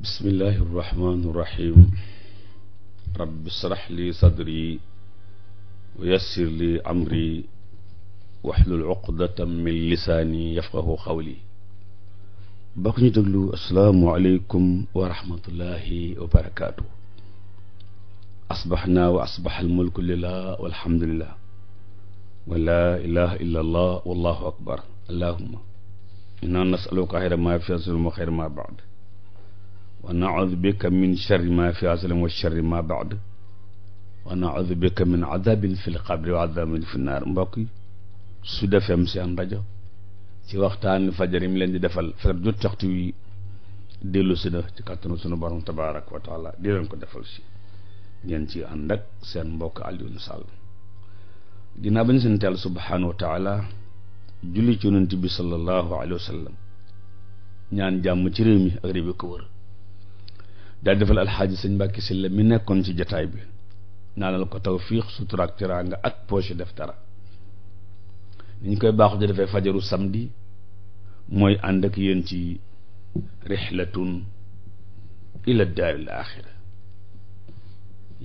bismillahi irrahmani irrahim rabbi srax li sadri wa yassir li amri waxlul uqdatam min lisaani yafqahu xawli bokk ñu déglu asalaamualeykum wa rahmatullahi wa barakaatu asbaxnaa wa asbax almulku lillah walhamdulillah wa laa ilaha illa allah wallahu akbar allahuma inna nasaluka xayra ma fi asulu ma xayra ma baad wa naudu bika min sharri ma fi aslam wa sharri ma baad wa naudu bika min adabin fi lqabri wa adabin fi naar mbokk yi Sud FM seen rajo ci waxtaan fajar yi mu leen di defal fajar jot waxtu wi dellu si na ci kàttanu sunu borom tabaaraka wa taala di leen ko defal si ngeen ci ànd ak seen mbokk Alioune Sall dinaa bañ seen teel subhaanahu wa taala julli ci yonent bi sallallahu alayhi wa sallam ñaan jàmm ci réew mi ak réew yi ko wër daal defal alxaaji sëñ Mbàkke Sylla mi nekkoon ci jataay bi naanal ko tawfiix sutura ak teraanga ak poche def dara ni koy baaxu di defee fajaru samedi mooy ànd ak yéen ci rixlatun ila daaril axira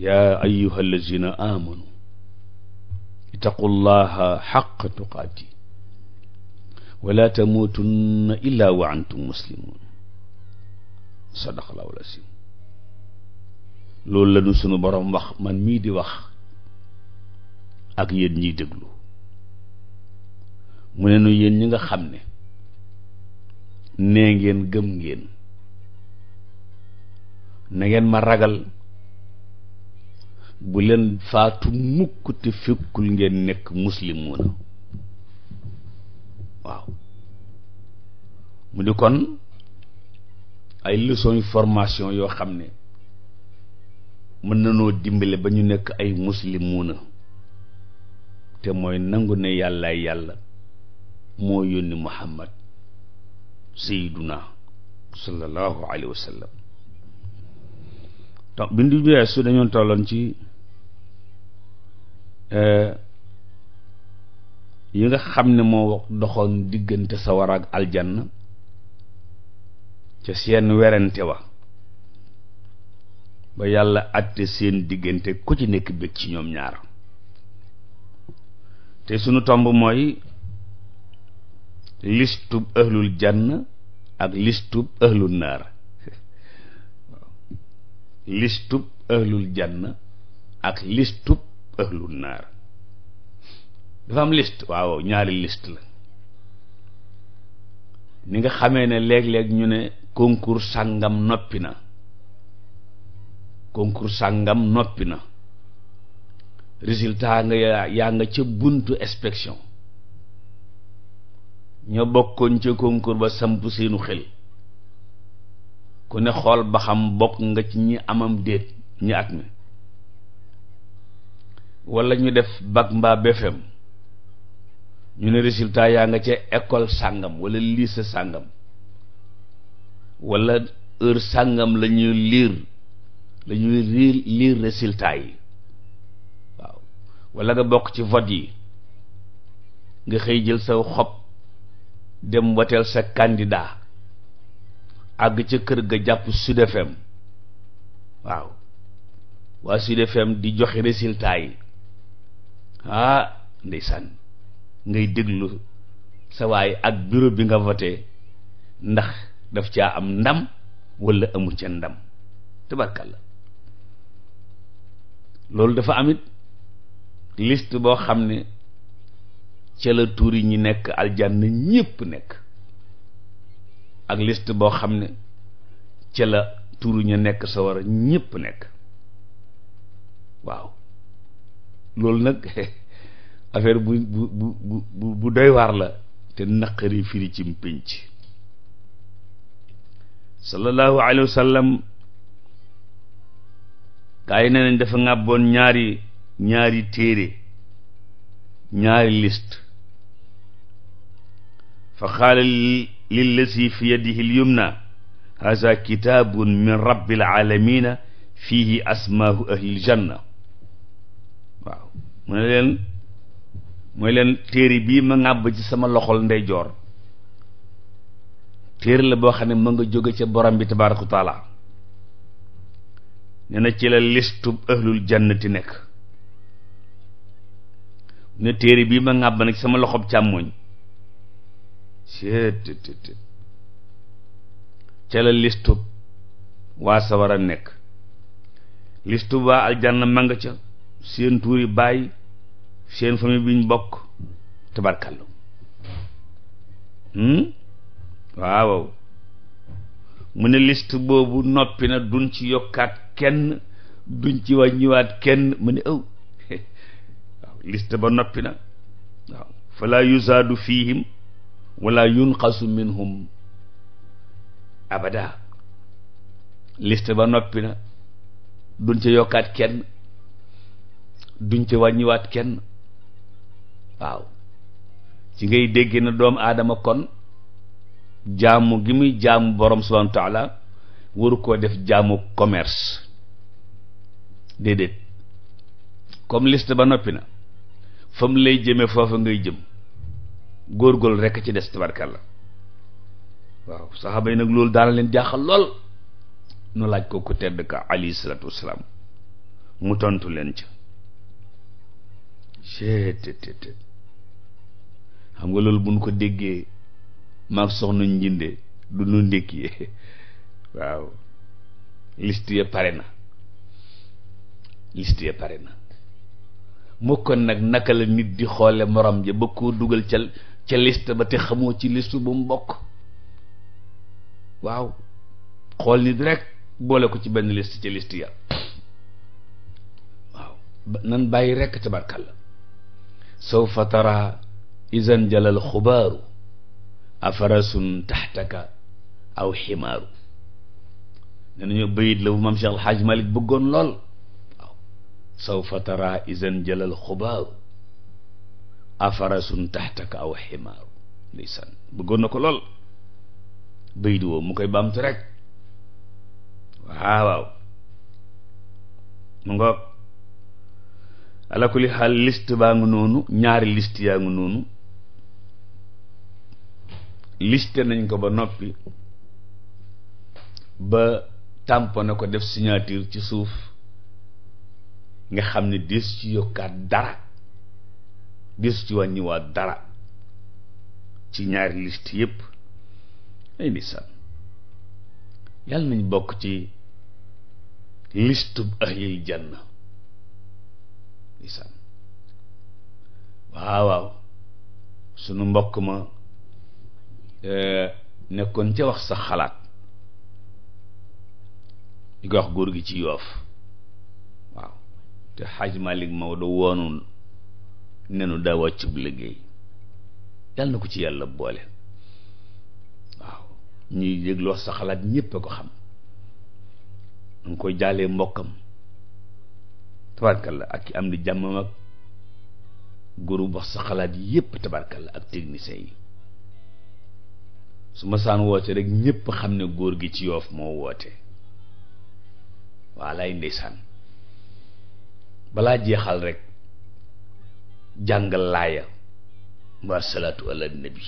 yaa la allazina amanu ittaqullaha xaqa tuqaati wala tamuutunna illa wa antum muslimun loolu la ñu sunu borom wax man mii di wax ak yéen ñiy déglu mu ne nu yéen ñi nga xam ne nee ngeen gëm ngeen na ngeen ma ragal bu leen faatu mukk te fekkul ngeen nekk muslimuuna waaw mu di kon ay leçon yu formation yoo xam ne mën nanoo dimbale ba ñu nekk ay muslimuuna te mooy nangu ne yàllaay yàlla moo yónni muhammad sayyiduna sallallahu alayhi wa sallam donc bi ñu weesu dañoon tolloon ci euh, yi nga xam ne moo wax doxoon diggante sawara ak aljanna ca seen werante wa ba yàlla àtte seen diggante ku ci nekk bég ci ñoom ñaar te sunu tomb mooy listub ahlul janna ak listub ahlul naar listub ak listub ahlul naar dafa am liste waaw ñaari list la ni nga xamee ne léeg-léeg ñu ne concours sàngam noppi na concours sàngam noppi na résultat nga yaa nga ca buntu inspection ña bokkoon ca concours ba samp seenu xel ku ne xool ba xam bokk nga ci ñi amam déet ñi at mi wala ñu def bac mbaa BFEM ñu ne résultat yaa nga ca école sàngam wala sa sàngam wala heure sàngam la liir lire dañuy lire lire résultat yi waaw wala nga bokk ci vote yi nga xëy jël sa xob dem woteel sa candidat àgg ca kër ga jàpp Sud waaw waa Sud di joxe résultat yi ah ndeysaan ngay déglu sa waay ak bureau bi nga voté ndax daf caa am ndam wala amul ca ndam tabarkàlla loolu dafa amit list boo xam ne ca la tuur yi ñi nekk aljanna ñépp nekk ak list boo xam ne ca la tuur ñu nekk a ñépp nekk waaw loolu nag affaire bu bu bu bu bu doy waar la te naqari firi ci mpinc sallallahu alayhi wa gaa yi nee nañ dafa ŋàbboon ñaari ñaari téere ñaari liste fa qaala lillazi fi yadihi lyumna haza kitabun min rabbil alamina fihi asmaahu ahlil mu ne leen mooy leen téere bii ma ŋàbb ci sama loxol ndeyjoor téere la boo xam ne ma nga jóge ca borom bi tabaaraka wa nee na ci la listub ahlul jannati nekk ne téere bii ma ŋàbb nag sama loxoob càmmoñ seet ca la listub waa sawara nekk listub waa aljanna ma nga ca seen tuuri baay seen famille biñ bokk tabarkallu hmm? waaw mu ne listu boobu noppi na duñ ci yokkaat kenn duñ ci wàññiwaat kenn mu ne ëw oh, waaw ba noppi na waaw fala yuzaadu fihim wala yunqasu minhum abada liste ba noppi na duñ ca yokkaat kenn duñ ca wàññiwaat kenn waaw ci ngay dégg na doomu aadama kon jaamu gi muy jaamu borom subhanahu wa waru koo def jaamu commerce déedéet comme list ba noppi na fa mu lay jëme foofa ngay jëm góor góor rekk ci des la waaw saxaaba yi nag loolu daana leen jaaxal lool nu laaj ko ku tedd ka alayhi salaatu wasalaam mu tontu leen ca seetetetet xam nga loolu bu nu ko déggee maag soxna njinde du nu ndékkiyee waaw liste ya pare na liste ya pare na mu kon nag naka la nit di xoole morom ja ba dugal ca ca ba te xamoo ci liste bu mu bokk waaw xool nit rek boole ko ci benn liste ca liste ya waaw nan bàyyi rekk tabarkàlla sawfa tara isan jalal xubaaru afarasun taxtaka aw ximaaru ne nañu bayit la bu maam Cheikh Alxaaj Malik bëggoon lool sawfa tara izan jëlal xubaaru afarasun taxtaka aw ximaaru ndeysaan bëggoon na ko lool bayit woo mu koy baamtu rek waaw waaw mu ngoog ala xaal liste baa ngi noonu ñaari liste yaa ngi noonu liste nañ ko ba noppi ba tampo na ko def signature ci suuf nga xam ne des ci yokkaat dara des ci wàññiwaat dara ci ñaari liste yépp ay ndeysaan nañ bokk ci listub ahlil janna ndeysaan waaw waaw sunu mbokk ma eh, nekkoon ca wax sa xalaat ñu ko wax góor gi ci yoof te xaaj Malik Maodo woonul nenu daa wàccub liggéey yàlla na ko ci yàlla boole waaw ñuy yëglu wax sa xalaat ñépp a ko xam nu ngi koy jaalee mbokkam tabarkalla ak ki am di jàmmam ak groupe wax sa xalaat yépp tabarkalla ak techniciens yi su ma saan woote rek ñépp xam ne góor gi ci yoof moo woote waalaay ndeysaan balaa jeexal rek jàngal laaya mbaa salaatu ala nabi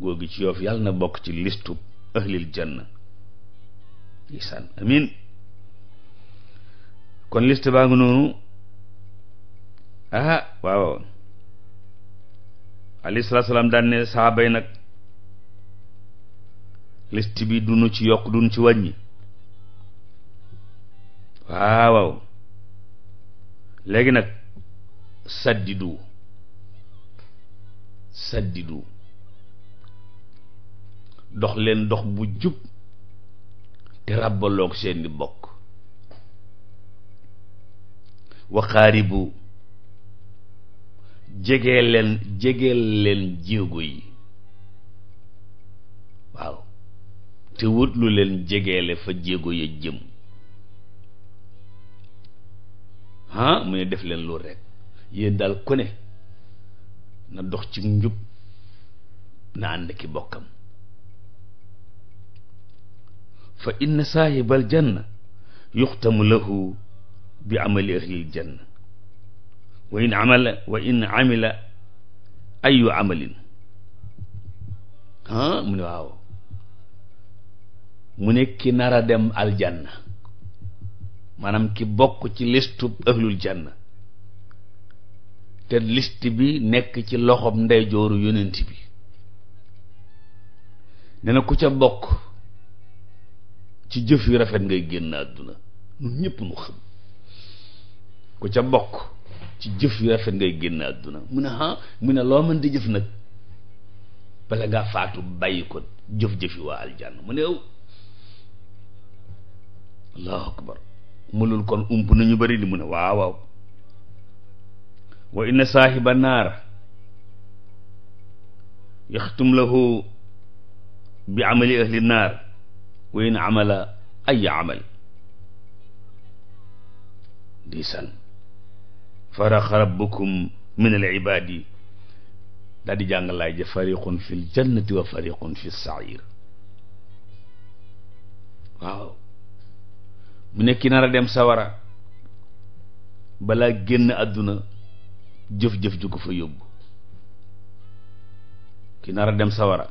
góor gi ci yoof yàlla na bokk ci listu ahlil janna isaan amin kon list baa ngi noonu ah waaw alayhi salaatu salaam daan ne nag list bi dunu ci yokk dunu ci wàññi waaw léegi nag saddidu saddidu dox leen dox bu jub te ràbbaloog seeni bokk waxaaribu jegee leen jegeel leen jéego yi waaw te wut lu leen jegeele fa jéego ya jëm ah mu ne def leen loolu rek yéen daal ku ne na dox ci njub na ànd ki bokkam fa inna saahibal janna yuxtamu lahu bi amal ahlil janna wa wa in amila ayu amalin ah mu ne waaw mu ne ki nar dem aljana maanaam ki bokk ci listub ahlul janna te list bi nekk ci loxob ndeyjooru yonent bi nee na ku ca bokk ci jëf yu rafet ngay génn àdduna ñun ca bokk ci jëf yu rafet ngay génn àdduna mu ne ah mu ne loo mën di jëf nag bala ngaa faatu bàyyi ko jëf-jëfi waa aljanna mu ne yow mënul kon ump nañu bëri li mu ne waaw waaw wa inna saahiba naar yaxtum lahu bi amali ahli naar wa in amala ay amal diisan faraxa rabbukum min al ibaadi daal di jàng laay ja fariqun fi l jannati wa fariqun fi sair waaw mu ne ki nar a dem sawara balaa génn àdduna jëf-jëf ju ko fa yóbbu ki nar a dem sawara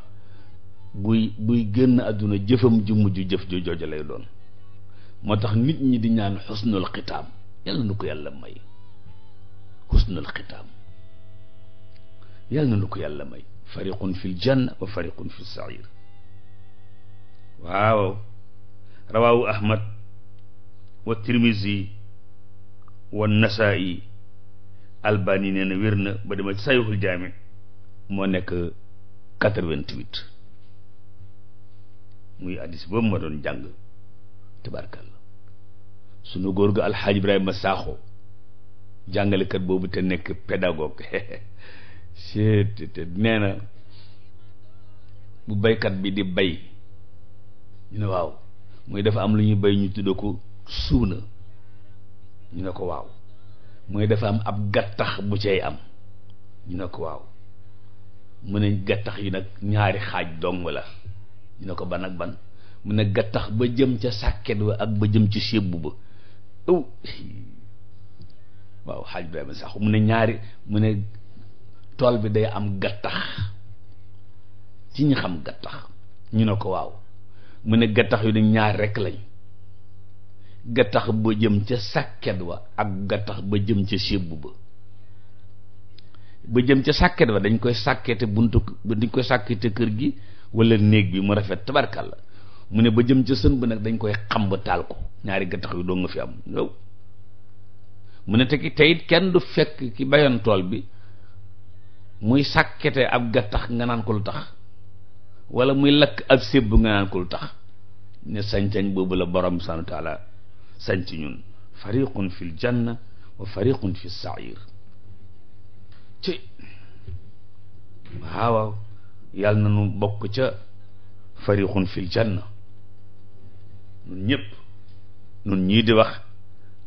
buy buy génn àdduna jëfam ju mujj jëf ju jooja lay doon moo tax nit ñi di ñaan xusnul xitaam yàlla na ko yàlla may xusnul xitaam yàlla na ko yàlla may fariqun fil janna wa fariqun fis sa'ir waaw rawawu ahmad wa tirmisi wa nasaa'i albani nee na wér na ba dema ci sayxul jaami moo nekk quatre-vingt-huit muy addis boobu ma doon jàng tabarkalla sunu góor ga alxaaj ibrahima saaxo jàngalekat boobu te nekk pédagogue seet na bu baykat bi di bay ñu ne waaw muy dafa am lu ñuy bay ñu tudde ko suuna ñu ne ko waaw mu ne dafa am ab gattax bu cay am ñu ne ko waaw mu ne gattax yi nag ñaari xaaj dong la ñu ne ko ban ak ban mu ne gattax ba jëm ca sàkket ba ak ba jëm ci sébbu ba ëw waaw xaaj Ibrahima sax mu ne ñaari mu ne tool bi day am gattax ci ñu xam gattax ñu ne ko waaw mu ne gattax yu ne ñaar rekk lañ gattax ba jëm ca sàkket wa ak gattax ba jëm ca sébb ba ba jëm ca sàkket wa dañ koy sàkkete buntu ba dañ koy sàkkete kër gi walla néeg bi mu rafet tabarkal la mu ne ba jëm ca sën ba nag dañ koy xamb taal ko ñaari gattax yu doo nga fi am yow mu ne te kenn du fekk ki bayoon tool bi muy sàkkete ab gattax nga naan ko lu tax wala muy lakk ab sébb nga naan ko lu tax ne sañ-sañ boobu la borom subhaanahu wa sañ ci ñun fariqun fil janna wa fariqun fi sair ci waaw yàlla na nu bokk ca fariqun fil janna ñun ñëpp ñun ñii di wax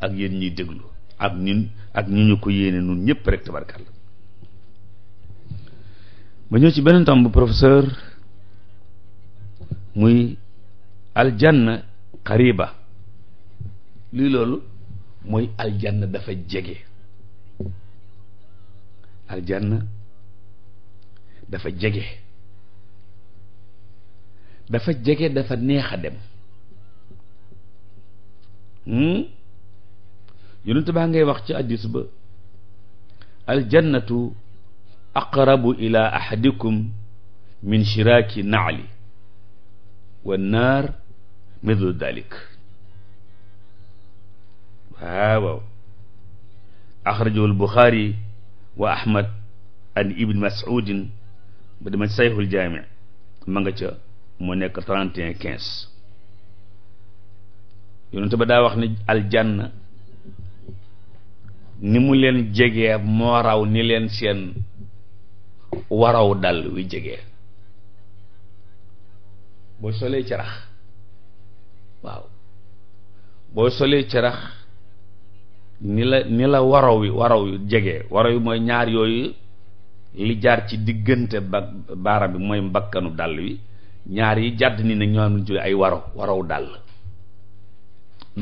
ak yéen ñiy déglu ak ñun ak ñu ñu ko yéene ñun ñëpp rek tabarkàlla ba ñëw ci beneen tam bu professeur muy aljanna qariba luy loolu mooy aljanna dafa jege aljanna dafa jege dafa jege dafa neex a dem hmm? yonent baa ngay wax ci hadiis ba aljannatu aqrabu ila ahadikum min shiraaki naali wannaar mithlu dalik Ah, waaw axrajahu albuxaari wa ahmad an ibn masudin ba dama sayxul jaami ma nga ca mu nekk 31 15 yonente ba daa wax ne aljanna ni mu leen jege moo raw ni leen seen waraw dal wi jege boo solee carax waaw boo solee carax ni la ni la waraw wi waraw yu jege waraw wi mooy ñaar yooyu li jaar ci diggante ba baaraam bi mooy mbakkanu dàll wi ñaar yi jàdd ni ne ñoo am ci ay waraw waraw dàll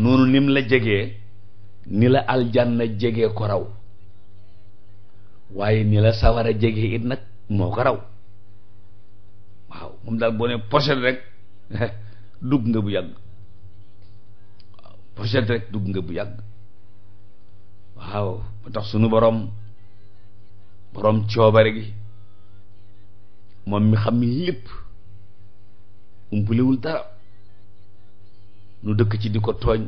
noonu nim la jege ni la aljanna jegee ko raw waaye ni la sawara jegee it nag moo ko raw waaw moom daal boo ne pochette rek dugg nga bu yàgg waaw rek dugg nga bu yàgg waaw ba tax sunu boroom boroom coobare gi moom mi xam lépp umpulewul dara nu dëkk ci di ko tooñ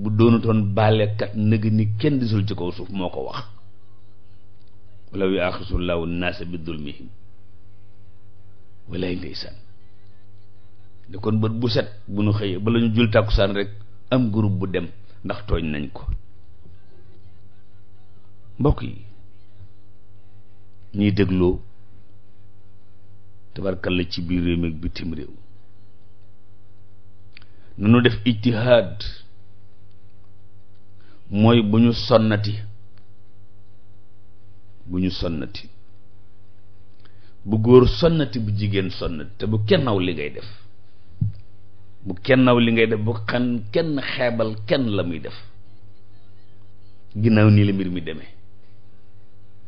bu doonutoon baalekat nëg ni kenn disul ci kaw suuf moo ko wax walaw yuaxisu llahu naasa bi dulmihim walay ndeysaan de kon bët bu set bu nu xëyee ba la ñu jul tàkkusaan rek am groupe bu dem ndax tooñ nañ ko mbokk yi ñuy dégloo tabarkalla ci biir réew mi ak bitim réew nunu def ijtihaad mooy bu ñu sonnati bu ñu sonnati bu góor sonnati bu jigéen sonnati te bu kennaw li ngay def bu kennaw li ngay def bu xan kenn xeebal kenn la muy def ginnaaw nii la mbir mi demee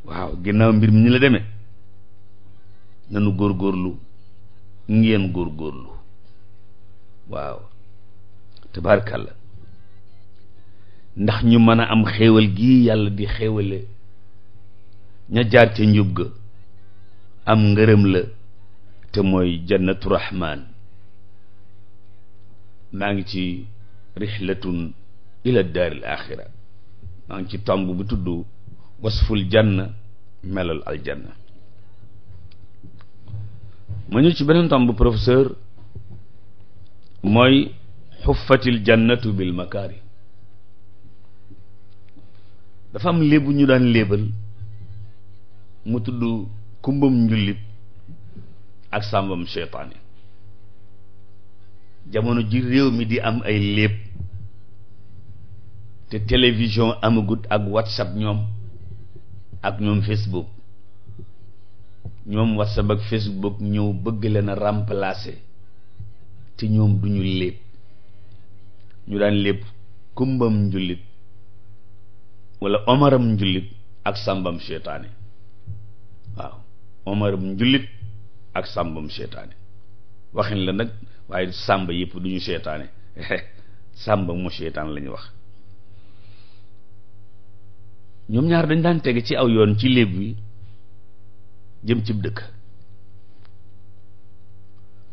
waaw ginnaaw mbir mi ni la demee nanu góorgóorlu ngeen góorlu waaw la ndax ñu mën a am xéewal gi yàlla di xéewale ña jaar ca njub ga am ngërëm la te mooy jannatu rahmaan maa ngi ci rixlatun ila daaril axira maa ngi ci tomb bu tudd wasful janna melal aljanna ma ñëw ci beneen tomb professeur mooy xuffatil jannatu bil makaari dafa am léebu ñu daan léebal mu tudd kumbam njullit ak sàmbam seytaane jamono ji réew mi di am ay léeb te television amagut ak whatsapp ñoom ak ñoom Facebook ñoom WhatsApp ak Facebook ñëw bëgg leen a remplacer te ñoom duñu lépp ñu daan lépp kumbam njullit wala omaram njullit ak sàmbam seytaane waaw omaram njullit ak sàmbam seytaane waxin la nag waaye sàmb yëpp duñu seytaane sàmb mu seytaan la wax ñoom ñaar dañ daan tege ci aw yoon ci léeb wi jëm cib dëkk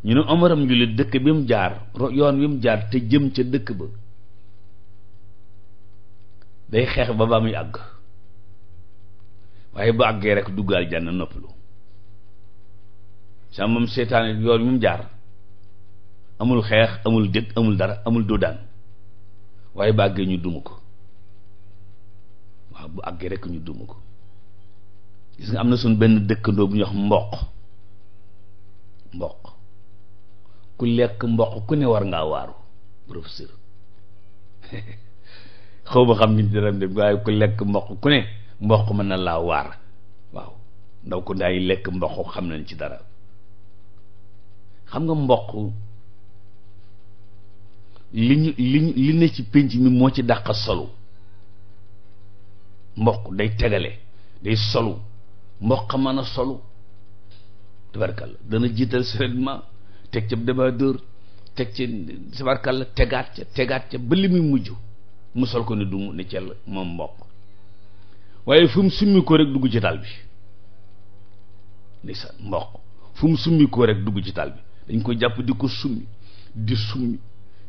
ñu ne omaram njullit dëkk bi mu jaar yoon wi mu jaar te jëm ca dëkk ba day xeex ba ba muy àgg waaye bu àggee rek duggaal jànn noppalu sa moom seetaan yoon wi mu jaar amul xeex amul dëkk amul dara amul doo daan waaye bu àggee ñu duma ko waaw bu àggee rek ñu dum ko gis nga am na suñ benn dëkkandoo bu ñuy wax mboq mboq ku lekk mboq ku ne war ngaa waaru professeur xaw xam ni dara de waaye ku lekk mboq ku ne mboq mën na laa waar waaw ndaw ko daay lekk mboq xam nañ ci dara xam nga mboq li ñu li li ne ci pénc mi moo ci dàq solo mboq day tegale day solu mboq mën a solu tabarkalla dana jiital seulement teg ca débardeur teg ca tabarkalla tegaat ca tegaat ca ba li muy mujj mu sol ko ne du mu ne cell moom mboq waaye fu mu summi ko rek dugg ci taal bi ndeysaan mboq fu mu summi dugg ci bi dañ ko jàpp di ko summi di summi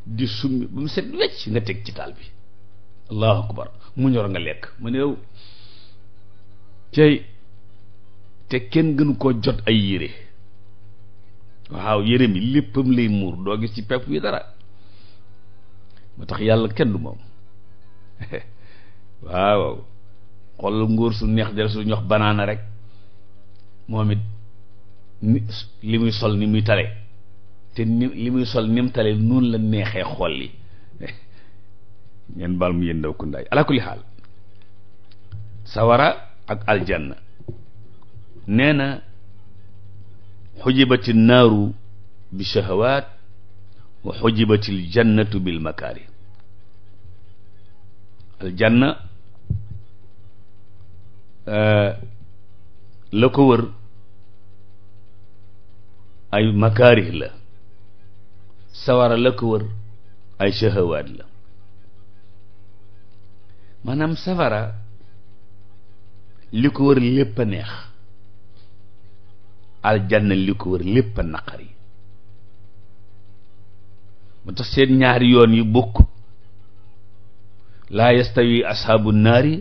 di summi ba mu set wecc nga teg ci taal bi allahu akbar mu ñor nga lekk mu néew tey te kenn gënu koo jot ay yére waaw yére mi léppam lay muur doo gis ci pepp wi dara mu tax yàlla kenn du moom waaw xool nguur su neex del su ñox banaana rek moom it ni li muy sol ni muy tale te ni li muy sol ni mu tale noonu la neexee xol yi ngeen baal mu yéen ndaw kundaay ala kulli xaal sawara ak aljanna nee na xujibati naaru bi shahawaat wa xujibati aljannatu bil makaari aljanna euh, la ko wër ay makaari la sawara la ko wër ay shahawaat la maanaam safara li ko wër lépp a neex aljanna li ko wër lépp a naqari mu seen ñaar yoon yu bokkut laa yastawi ashaabu naari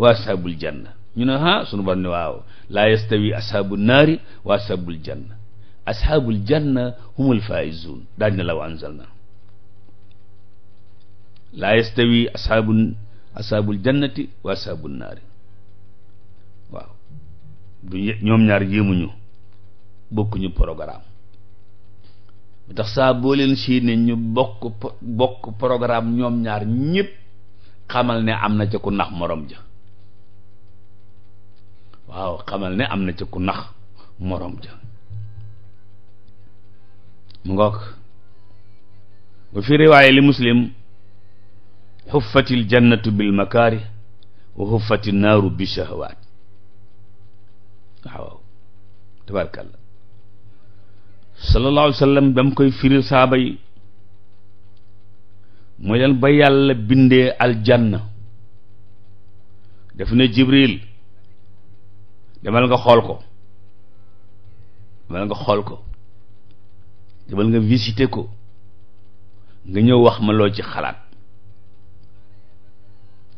wa ashaabul janna ñu ne ha ah, sunu borom ne waaw laa yastawi ashaabu naari wa ashaabul janna ashaabul janna humul faaizuun daañu ne law anzalna laa yastawi ashaabu asaabul jannati wa asaabul naari waaw ñoom ñaar yéemuñu bokkuñu programme bi tax saa boo leen sii ne ñu bokk bokk ñoom ñaar ñëpp xamal ne am na ca ku nax morom ja waaw xamal ne am na ca ku nax morom ja mu ngoog bu fi riwaaye li muslim xuffati ljannatu bil makaari wa xuffati naaru bi shahawaat waaw tabaarkalla sallallahu alayhi wa koy firil saaba yi mooy leen ba yàlla bindee aljanna daf ne jibril demal nga xool ko demal nga xool ko demal nga visité ko nga ñëw wax ma loo ci xalaat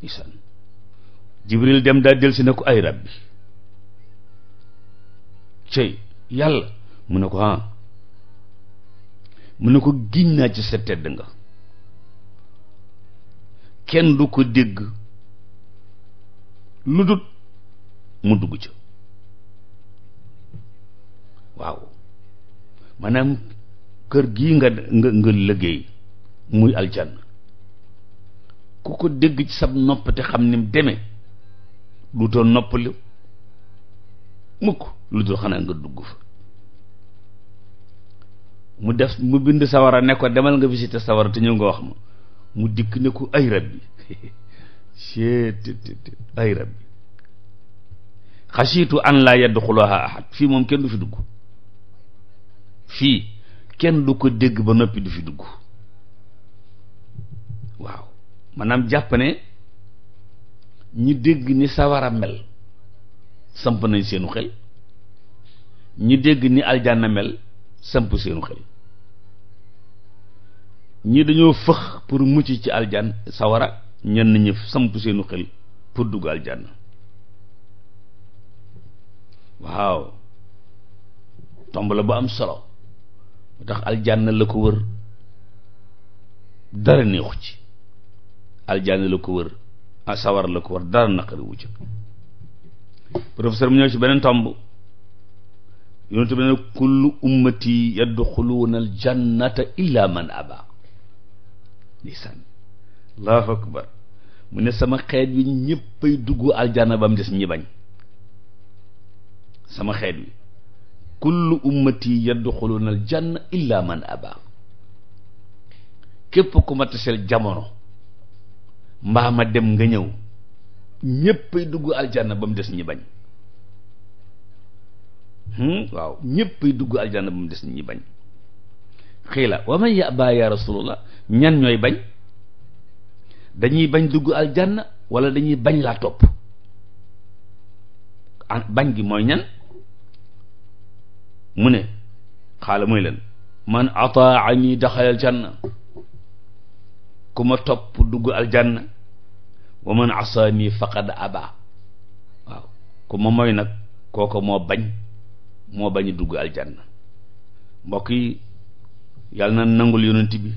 isaan jibril dem daa si na ko ay rabbi cey yàlla mu ne ko ah mu ne ko giñ naa ci sa tedd nga kenn du ko dégg lu mu dugg ca waaw maanaam kër gi nga nga nga liggéey muy aljanna ku ko dégg ci sab nopp xam ni mu demee lu too noppali mukk lu dul xanaa nga dugg fa mu def mu bind sawara ne ko demal nga visité sawara te ñëw nga wax ma mu dikk ne ko ay rab bi ay rab bi xasiitu an laa yadxulaha ahad fii moom kenn du fi dugg fii kenn du ko dégg ba noppi du fi dugg waaw maanaam jàpp ñi dégg ni sawara mel samp nañ seenu xel ñi dégg ni aljanna mel samp seenu xel ñi dañoo fëx pour mucc ci aljan sawara ñenn ñi samp seenu xel pour dugg aljanna waaw tomb la bu am solo moo tax aljanna la ko wër dara neexu ci aljanna la ko wër sawar ko wër dara naqari wu ca professeur mu ñëw ci beneen tomb yonent bi ne kullu ummati yadxuluuna aljannata illa man aba ndeysaan allahu akbar mu ne sama xeet wi ñëppay dugg aljanna ba des ñi bañ sama xeet wi kullu ummati yadxuluuna aljanna illa man aba képp ku ma taseel jamono mbaa ma dem nga ñëw ñéppay dugg aljanna ba mu des ñi bañ hmm? waaw ñéppay dugg aljanna ba mu des ñi bañ xiila wa man yaba ya rasulullah ñan ñooy bañ dañuy bañ dugg aljanna wala dañuy bañ laa topp bañ gi mooy ñan mu ne xaala mooy leen man ataani daxal aljanna ku ma topp dugg aljanna wa man asaani faqad aba waaw ku ma mooy nag kooko moo bañ moo bañ dugg aljanna mbokk yi yàlla na nangul yonent bi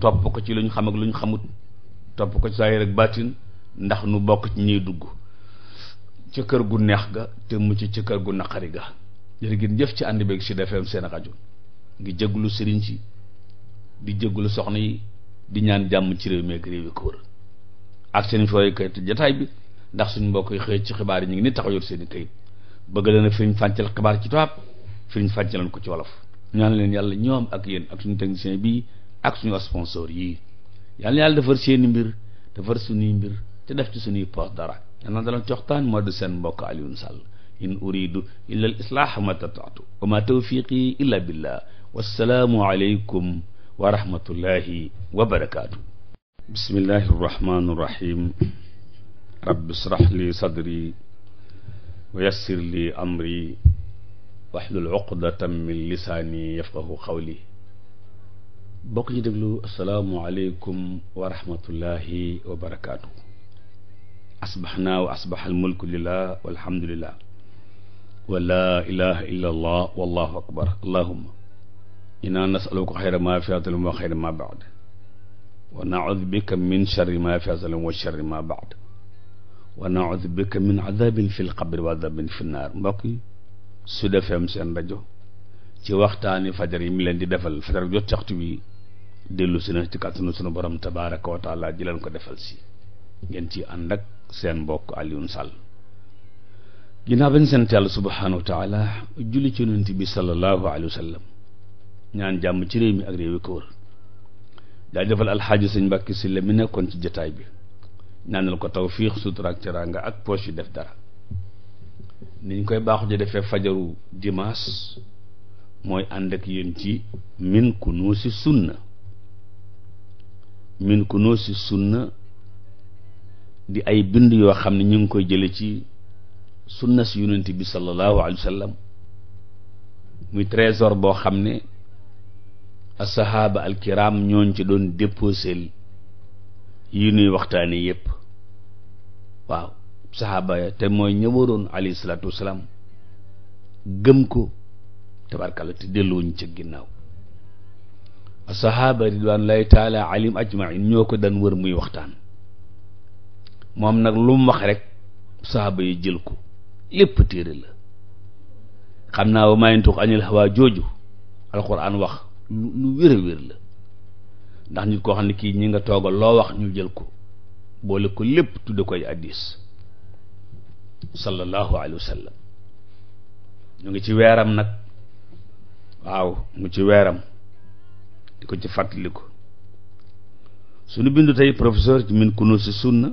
topp ko ci lu ñu xam ak lu ñu xamut topp ko ci saahir ak baatin ndax nu bokk ci ñuy dugg ca kër gu neex ga te mucc ci kër gu naqari ga jërë ngeen jëf ci ànd beeg si defeem seen rajo ngi jéglu sëriñ si di jéglu soxna yi di ñaan jàmm ci réew meeg réew yi ko wër ak seen fooy kayit jataay bi ndax suñ mbokk yi xëy ci xibaar yi ñu ngi ni taxaw yor seen i kayit bëgg leen a firiñ fàncal xibaar ci tubaab firiñ fàncalan ko ci wolof ñaan leen yàlla ñoom ak yéen ak suñu technicien bi ak suñu sponsor yii yàlla yàlla defar seeni mbir defar suñuy mbir te def ci suñuy poste dara yàlla na dala coxtaan moo di seen mbokk Alioune Sall in uridu illa al islaaha ma tataatu wa ma tawfiqi illa billah wassalaamu aleykum wa rahmatullahi wa barakaatu bismillahi irrahmani irrahim rabbi israh li sadri wa yassir li amri waxlul uqdatan min lisaani yafqahu qawli bokk ñi déglu asalaamualeykum wa rahmatullahi wa barakaatu asbaxnaa wa asbax almulku lillah walhamdulillah wa laa ilaha illa allah wallahu akbar allahuma inaa nasaluka xayra ma fi atalum wa xayra ma baad wa naudu bika min charri ma fi asalam wa charri ma baad wa naudu bika min adabin fi lqabri wa adabin fi naar mbokk yi Sud FM seen rajo ci waxtaani fajar yi mi leen di defal fajar jot waxtu wi dellu si na ci kàttanu sunu borom tabaraka wa taala ji leen ko defal si ngeen ci ànd ak seen mbokk Alioune Sall ginnaaw bañ sant yàlla subhaanahu wa taala julli ci yonent bi sallallahu alayhi wa sallam ñaan jàmm ci réew mi ak réew yi ko wër daal defal alxaaji sëñ Mbàkke Sylla mi nekkoon ci jataay bi ñaanal ko tawfiix sutura ak ak poche yu def dara niñ koy baaxu ji defee fajaru dimanche mooy ànd ak yéen ci min ku si sunna min ku si sunna di ay bind yoo xam ne ñu ngi koy jële ci sunna si yonent bi sallallahu alayhi wa muy trésor boo xam ne asahaba alkiram ñooñ ci doon déposel yi nuy waxtaane yépp waaw sahaaba ya te mooy ñëwaroon alayhi salaatu wasalaam gëm ko tabarkàlla te delluwuñ ca ginnaaw asahaba ridwanullahi taala alim ajmain ñoo ko daan wër muy waxtaan moom nag lu mu wax rek sahaaba yi jël ko lépp téere la xam naa wa maa yantiqu anil hawaa jooju alquran wax lu lu wér la ndax nit koo xam ne kii ñi nga toogal loo wax ñu jël ko boole ko lépp tudde koy addis sallallahu alayhi wa sallam ñu ngi ci weeram nag waaw mu ci weeram di ko ci su suñu bindu tey professeur ci min kuno si sunna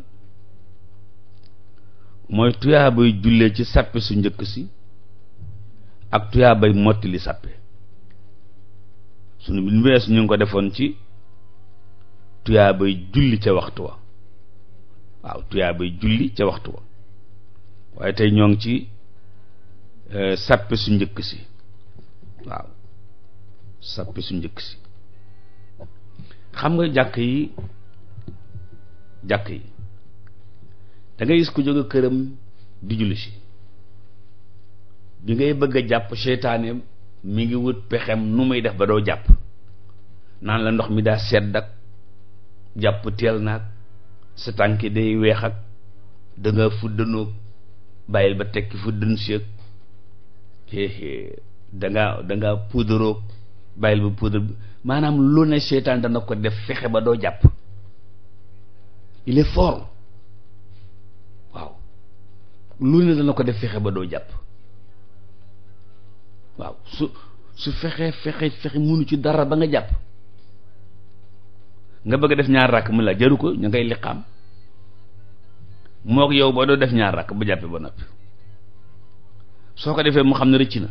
mooy tuyaabay jullee ci sàppe su njëkk si ak tuyaabay mottali sàppe sunu bi wees ñu ngi ko defoon ci tuyaabay julli ca waxtu wa waaw tuyaabay julli ca waxtu wa waaye tey ñoo ngi ci euh, sàppe su njëkk si waaw sàppe su njëkk si xam nga jàkk yi jàkk yi da ngay gis ku jóge këram di julli si bi ngay bëgg a jàpp seytaaneem mi ngi wut pexem nu muy def ba doo jàpp naan la ndox mi daa sedd ak jàpp teel naag sa tànki day weex ak da nga bàyyil ba tekki fuddan séeg héehée dangaa dangaa puudaroog bàyyil ba puudar maanaam lu ne seetaan dana ko def fexe ba doo jàpp il est fort waaw lu ne dana ko def fexe ba doo jàpp waaw su su fexee fexe fexe munu ci dara ba nga jàpp nga bëgg def ñaar rakk mu la jaru ko ñu ngay liqaam mook yow boo doo def ñaar rakk bu jàppee ba noppi soo ko defee mu xam ne rëcc na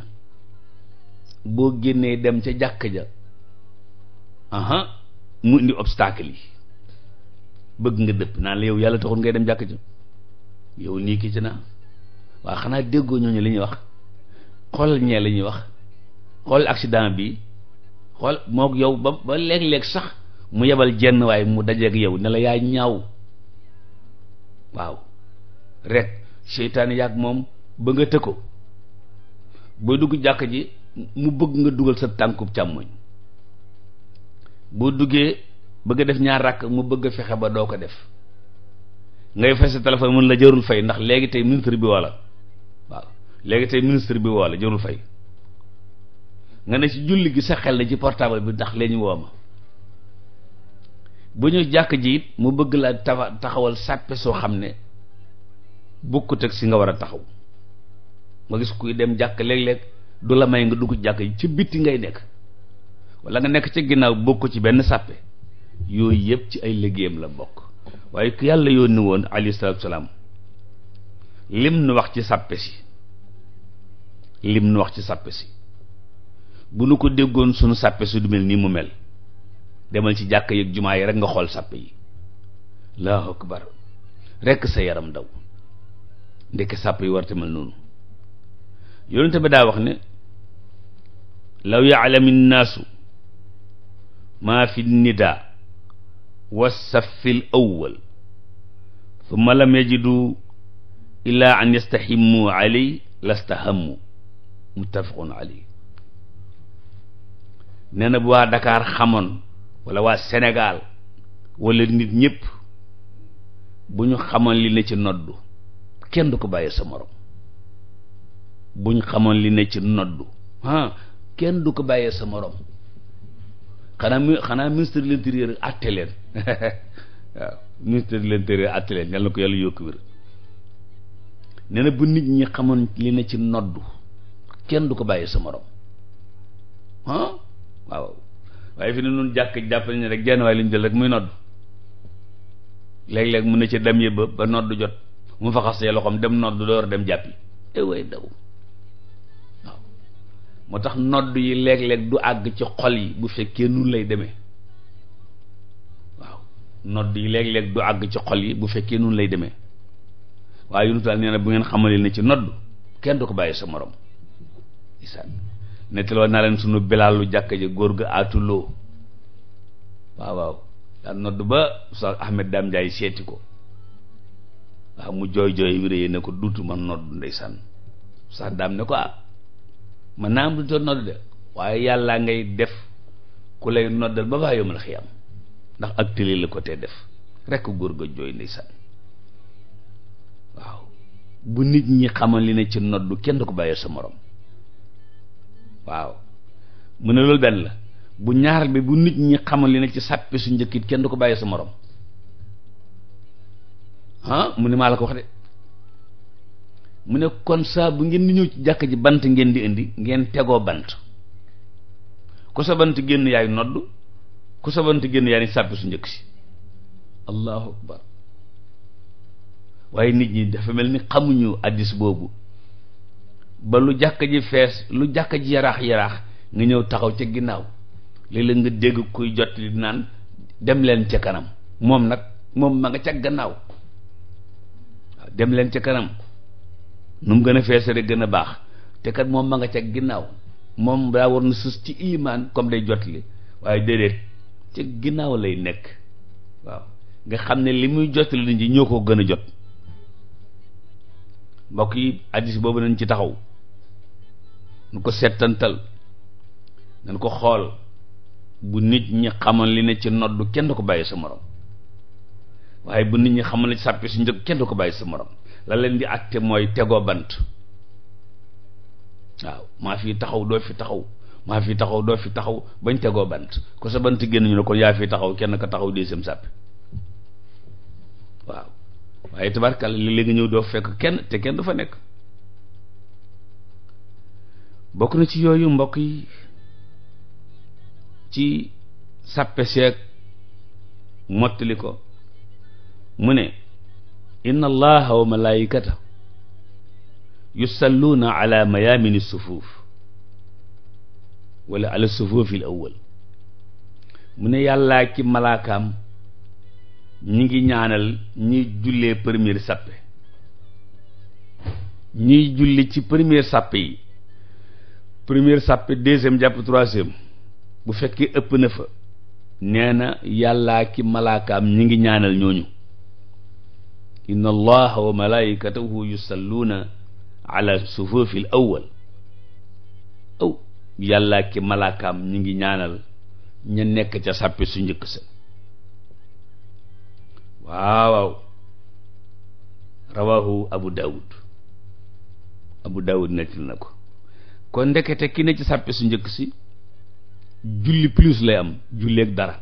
boo génnee dem ca jàkk ja aha mu indi obstacle yi bëgg nga dëpp naa la yow yàlla taxul ngay dem jàkk ja yow nii ki ci naa waa xanaa déggoo ñooñu li ñuy wax xoolal ñee la ñuy wax xool accident bi xool mook yow ba ba léeg leeg sax mu yebal jenn waaye mu dajeeg yow ne la yaa ñaaw waaw rekk seytaane yàgg moom ba nga ko boo dugg jàkk ji mu bëgg nga dugal sa tànku càmmoñ boo duggee bëgg def ñaar rakk mu bëgg fexe ba doo ko def ngay fay sa téléphone mun la jërul fay ndax léegi tey ministre bi walla léegi tey ministre bi woo la jërul fay nga ne ci julli gi sa xel la ci portable bi ndax leen ñu woo ma bu ñu jàkk ji it mu bëgg la taxawal sàppe soo xam ne bokkut ak si nga war a taxaw nga gis kuy dem jàkk léeg-léeg du la may nga dugg jàkk yi ci bitti ngay nekk wala nga nekk ci ginnaaw bokk ci benn sàppe yooyu yëpp ci ay liggéeyam la bokk waaye ku yàlla yónni woon alayhi salaatu salaam lim nu wax ci sàppe si lim nu wax ci sàppe si bu nu ko déggoon sunu sàppe si du mel nii mu mel demal ci jàkk yëg jumaa yi rek nga xool sàppe yi allahu akbar rekk sa yaram daw ndeke sàpp yi warte mel noonu yonente bi daa wax ne law yaalami nnaasu maa fi nida wa safi l awal thumma lam yajidu illa an yastahimu aley lastahammu muttafaqun ali nee na bu waa dakaar xamoon wala waa senegaal wala nit ñépp bu ñu xamoon li ne ci noddu kenn du ko bàyyi sa morom bu xamoon li ne ci noddu kenn du ko bàyyee sa moroom xanaa mi xanaa ministre de l'intérieur àtte leen waaw ministre de l'intérieur àtte leen yal na ko yàlla yokk wér nee bu nit ñi xamoon li ne ci noddu. kenn du ko bàyyi sa moroom ah waaw waaye fi ne nun jàkk jàpp nañ rek jenn waaye lu ñu jël rek muy nodd léeg-léeg mun na ci dem yëbba ba nodd jot mu fa xasee loxoom dem nodd door dem jàppi eway eh daw waaw moo tax nodd yi léeg-léeg du àgg ci xol yi bu fekkee nun lay demee waaw nodd yi léeg-léeg du àgg ci xol yi bu fekkee nun lay demee waaye yu nu taal nee na bu ngeen xamale ne ci nodd kenn du ko bàyyi sa moroom isaan nettali woon naa leen sunu bilaalu jàkka ji góor ga aatuloo waaw waaw daan nodd ba sa Ahmed Dame Ndiaye seeti ko waaw mu jooy jooy wi réy ne ko duutu man nodd ndeysaan sax daam ne ko ah man naa am duutu nodd de waaye yàlla ngay def ku lay noddal ba baa yomal xiyam ndax ak tëli la ko te def rekk góor ga jooy ndeysaan waaw bu nit ñi xamal li ne ci noddu kenn du ko bàyyi sa morom waaw mu ne loolu benn la bu ñaar bi bu nit ñi xamal li ne ci sàppe su njëkkit kenn du ko bàyyi sa morom ah mu ne maa la ko wax de mu ne kon saa bu ngeen di ñëw ci jàkk ji bant ngeen di indi ngeen tegoo bant ku sa bant génn yaay nodd ku sa génn yaay ni sàppe su njëkk si allahu akbar waaye nit ñi dafa mel ni xamuñu addis boobu ba lu jàkka ji fees lu jàkka ji yaraax-yaraax nga ñëw taxaw ca ginnaaw léeg leen nga dégg kuy jot li naan dem leen ca kanam moom nag moom ma nga ca gannaaw waaw dem leen ca kanam nu mu gën a fees rek gën a baax te kat moom ma nga ca ginnaaw moom daa war na sus ci imaan comme day jot li waaye déedéet ca ginnaaw lay nekk waaw nga xam ne li muy jot li nit ñi ñoo ko gën a jot mbokk yi addis boobu nañ ci taxaw nu ko settantal dañ ko xool bu nit ñi xamal li ne ci noddu kenn du ko bàyyi sa morom waaye bu nit ñi xamal ne ci sàppi su njëkk kenn du ko bàyyi sa morom la leen di àtte mooy tegoo bant waaw maa fi taxaw doo fi taxaw maa fi taxaw doo fi taxaw bañ tegoo bant ko sa bant génn ñu ne kon yaa fi taxaw kenn ka taxaw deuxième sàppi waaw waaye tabarkàlla léeg-léeg nga ñëw doo fekk kenn te kenn du fa nekk bokk na ci yooyu mbokk yi ci sàppe seeg mottali ko mu ne inna allaha wa malaikata yusalluuna ala mayaamini sufuuf wala ala sufuufi awal mu ne yàllaa ki malaakaam ñi ngi ñaanal ñi jullee première sàppe ñiy julli ci première sàppe yi première sàppe deuxième jàpp troisième bu fekkee ëpp na fa nee na yàllaa ki malaakaam ñi ngi ñaanal ñooñu inna allaha wa malaikatahu yusalluuna ala sufufi l awal aw yàllaa ki malaakaam ñi ngi ñaanal ña nekk ca sàppe su njëkk sa waaw rawahu abu daawud abu daawud nettil na ko kon ndekete ki ne ci sàppe su njëkk si julli plus lay am julleeg dara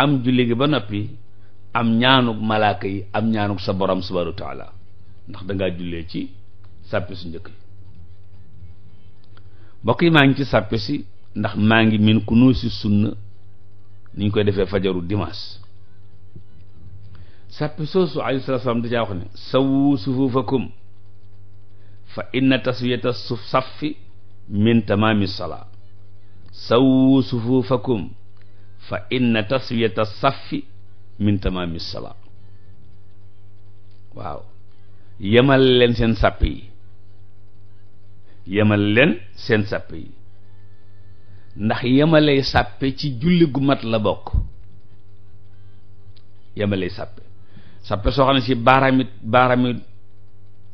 am julli gi ba noppi am ñaanu malaaka yi am ñaanuk sa borom subhanahu wa ndax danga jullee ci sàppe su njëkk yi mbokk yi maa ngi ci sàppe si ndax maa ngi miin ku nuu si sunna ni ñu koy defee fajaru dimanche sàppe soosu alayhi salaam da caa wax ne sawu sufuufakum fa inna taswiyata su saffi min tamaami salaa sawu sufuufakum fa inna taswiyata saffi min tamaami salaa waaw yemal leen seen sàpp yi yemal leen seen sàpp yi ndax yemalay sàppe ci julli gu mat la bokk yemalay sàppe sàppe soo xam ne si baaraami baaraami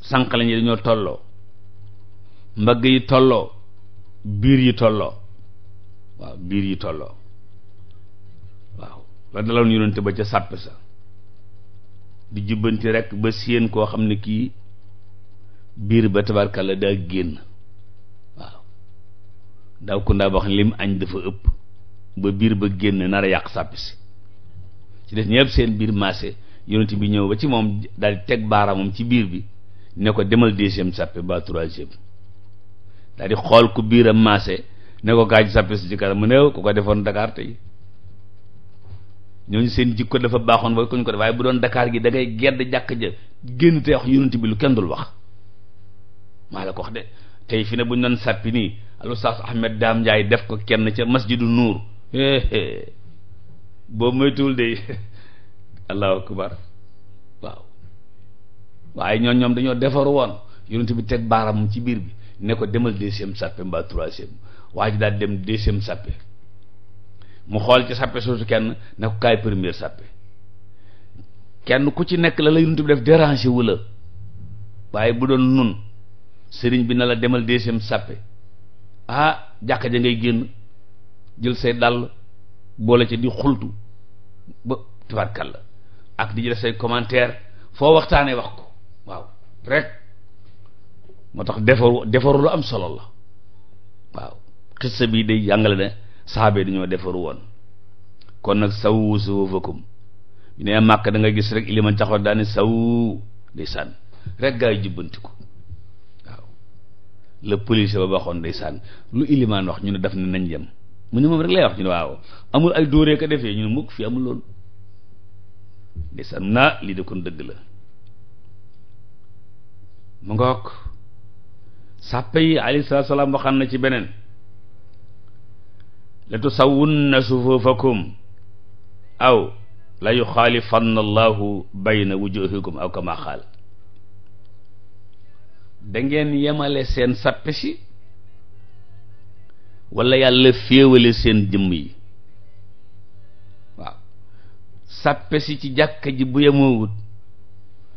sànq lañu dañoo tolloo mbagg yi tolloo biir yi tolloo waaw biir yi tolloo waaw la daloon yonente ba ca sàppe sa di jubbanti rekk ba séen koo xam ne kii biir ba tabarkalla daa génn waaw daaw ko lim añ dafa ëpp ba biir ba génn nar a yàq sàppi si ci def ñëpp seen biir marché yonent bi ñëw ba ci moom daal di teg baaraamam ci biir bi ne ko demal deuxième sàppe ba troisième daal xool ku biiram maase ne ko gaaj sàppe si ci kanam mu néew ku ko defoon Dakar tey ñooñu seen jikko dafa baaxoon ba kuñ ko def waaye bu doon dakaar gi dangay ngay gedd jàkk ja génn te wax yonent bi lu kenn dul wax maa la ko wax de tey fi ne bu ñu doon sàppi nii Oustaz Ahmed Dame Ndiaye def ko kenn ca masjidu nuur boobu moytuwul de allahu akbar waaw waaye ñoom dañoo defaru woon yonent bi teg baaram ci biir bi ne ko demal deuxième sàppe mbaa troisième waa ji daal dem deuxième sàppe mu xool ci sàppe soosu kenn ne ko kaay première sàppe kenn ku ci nekk la la yuntu bi def déranger wu la waaye bu doon nun sëriñ bi na la demal deuxième sàppe ah jàkka ja ngay génn jël say dàll boole ci di xultu ba tabarkal la ak di jël say commentaire foo waxtaanee wax ko waaw rek moo tax defaru defaru lu am solo la waaw xissa bi day jàngale ne saxaaba dañoo defaru woon kon nag sawu sufufakum ñu ne màkk da nga gis rek iliman taxaw daane sawu ndeysaan rek gaa yi jubbanti ko waaw le policier ba waxoon ndeysaan lu iliman wax ñu ne daf ne nañ jëm mu ne moom rek lay wax ñu ne waaw amul ay dóoree ko defee ñu ne mukk fi amul loolu ndeysaan naa lii de kon dëgg la mu ngoog sàppe yi alayhi salaatu salaam waxaan na ci beneen la tusawwunna sufuufakum aw la yuxaalifanna allahu bayna wujuhikum aw kama xaal da ngeen yemale seen sàppe si wala yàlla féewale seen jëmm yi waaw sàppe si ci jàkka ji bu yemoowut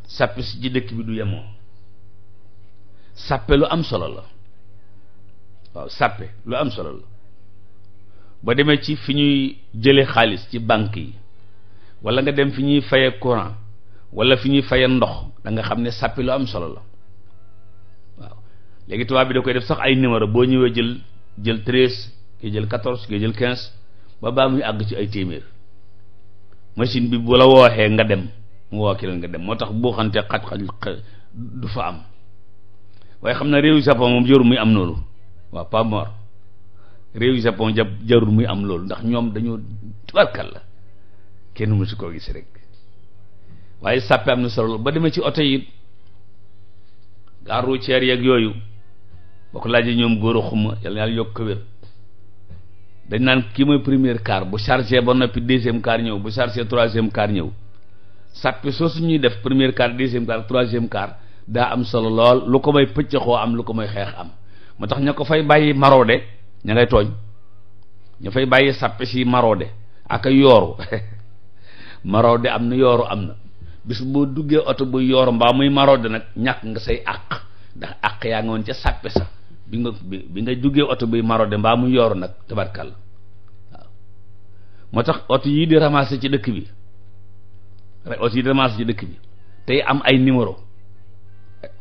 sàppe si ci dëkk bi du yemoo sàppe lu am solo la waaw sàppe lu am solo la ba demee ci fi ñuy jële xaalis ci banque yi wala nga dem fi ñuy faye courant wala fi ñuy faye ndox da nga xam ne sàppe lu am solo la waaw léegi tubaab bi da koy def sax ay numéro boo ñëwee jël jël treize kii jël quatorze kii jël quinze ba baa muy àgg ci ay téeméer machine bi bu la woxee nga dem mu woo ki la nga dem moo tax buuxante xaj xaj du fa am waaye xam na réewu Japon moom jarul muy am loolu waaw pas mort réewu Japon ja jarul muy am loolu ndax ñoom dañoo tubarkal la kenn mësu koo gis rek waaye sàppe am na solo ba demee ci oto yi gare routière yeeg yooyu boo ko laajee ñoom góor a xuma yàlla yàlla yokk ko dañ naan kii mooy premier car bu chargé ba noppi deuxième car ñëw bu chargé troisième car ñëw sàppi soo su ñuy def première car deuxième car troisième car daa am solo lool lu ko may pëccëxoo am lu ko may xeex am moo tax ña ko fay bàyyi maroode ña ngay tooñ ña fay bàyyi sàppe si marode ak yooru marode am na yooru am na bis boo duggee oto bu yooru mbaa muy marode nag ñàkk nga say àq ndax àq yaa ca sàppe sa bi nga bi nga duggee oto buy marode mbaa muy yooru nag tabarkal waaw moo tax oto yii di ramasser ci dëkk bi oto yii di ramasser ci dëkk bi tey am ay numéro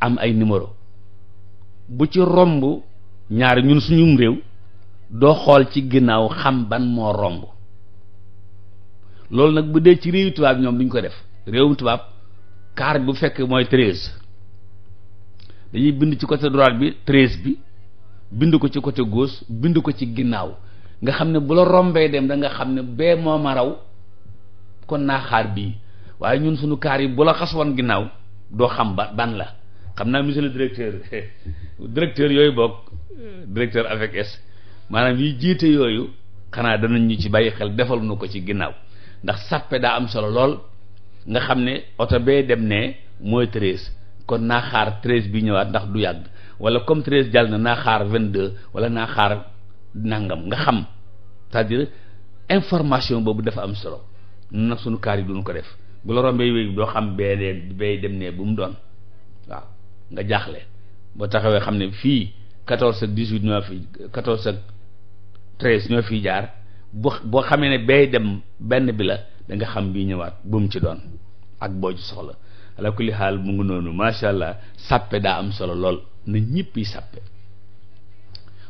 am ay numéro bu ci romb ñaari ñun suñu réew doo xool ci ginnaaw xam ban moo romb loolu nag bu dee ci réewu tubaab ñoom duñ ko def réewum tubaab kaar bu fekk mooy treize dañuy bind ci côté droite bi treize bi bind ko ci côté goos bind ko ci ginnaaw nga xam ne bu la rombee dem da nga xam ne bee moo ma raw kon naa xaar bii waaye ñun suñu kaar yi bu la xas woon ginnaaw doo xam ba ban la xam naa monsieur le directeur directeur yooyu bokk hmm. directeur avec S maanaam yi jiite yooyu xanaa danañ ñu ci bàyyi xel defal nu ko ci ginnaaw ndax sàppe daa am solo lool nga xam ne oto bee dem ne mooy treize kon naa xaar treize bi ñëwaat ndax du yàgg wala comme treize jàll na naa xaar vingt deux wala naa xaar nangam nga xam c'est-à-dire information boobu dafa am solo nag sunu kaar yi duñu ko def bu la rombee wéy doo xam bee dee bay dem ne bu mu doon nga jaaxle boo taxawee xam ne fii quatorze ak dix-huit ñoo fi quatorze ak treize ñoo fiy jaar boo xamee ne bay dem benn bi la da nga xam bii ñëwaat bu mu ci doon ak boo ci soxla ala kulli xaal mu ngi noonu macha allah sàppe daa am solo lool na ñëpp yi sàppe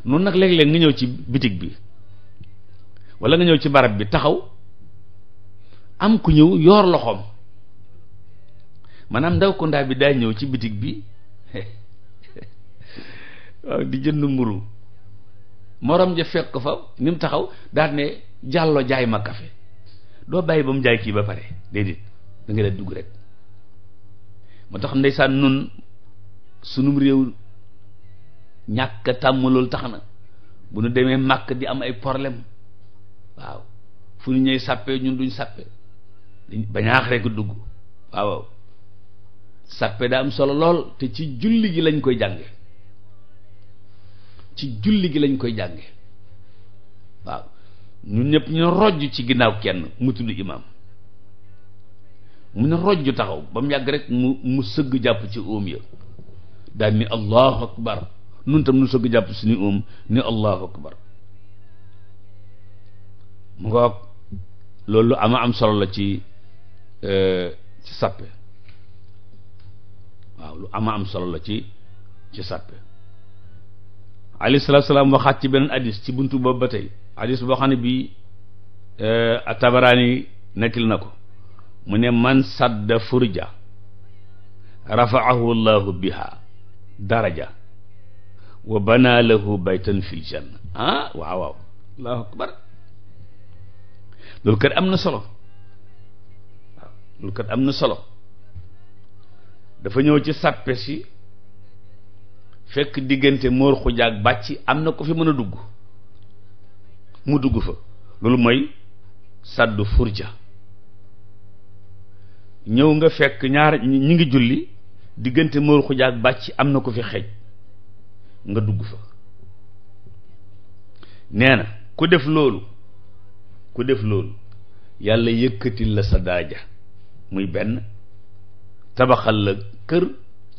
noonu nag léeg-léeg nga ñëw ci bitig bi wala nga ñëw ci barab bi taxaw am ku ñëw yoor loxoom maanaam ndaw kundaa bi daa ñëw ci bitig bi waaw di jënd mburu morom ja fekk fa ni mu taxaw daal jàlloo jaay ma kafe doo bàyyi ba mu jaay kii ba pare déedéet da nga leen dugg rek moo tax ndeysaan nun sunum réew ñàkk a tàmm loolu tax na bu nu demee màkk di am ay problème waaw fu ñu ñëw sàppee ñun duñ sàppe bañaax rek dugg waaw sàppe daa am solo lool te ci julli gi lañ koy jànge ci julli gi lañ koy jànge waaw ñun ñëpp ñu rojj ci ginnaaw kenn mu tudd imaam mu ne rojj taxaw ba mu yàgg rek mu mu sëgg jàpp ci óom ya daal ni allahu akbar nun tam nu sëgg jàpp suñu óom ni allahu akbar mu ngoog loolu ama am solo la ci euh, ci sàppe waaw lu ama am solo la ci ci sàppe alayhi salaatu salaam waxaat ci beneen hadis ci buntu boobu ba tey hadis boo xam ne bii euh, atabaraani nettali na ko mu ne man sadda furja rafaahu llahu biha daraja wa bana lahu baytan fil janna ah waaw waaw allahu akbar loolu kat am na solo waaw loolu kat am na solo dafa ñëw ci sàppe si fekk diggante móor xujaag bàcc am na ko fi mën a dugg mu dugg fa loolu mooy sàddu furja ñëw nga fekk ñaar ñi ngi julli diggante móor xujaag bàcc am na ko fi xeej nga dugg fa nee na ku def loolu ku def loolu yàlla yëkkatil la sa daaja muy benn tabaxal la kër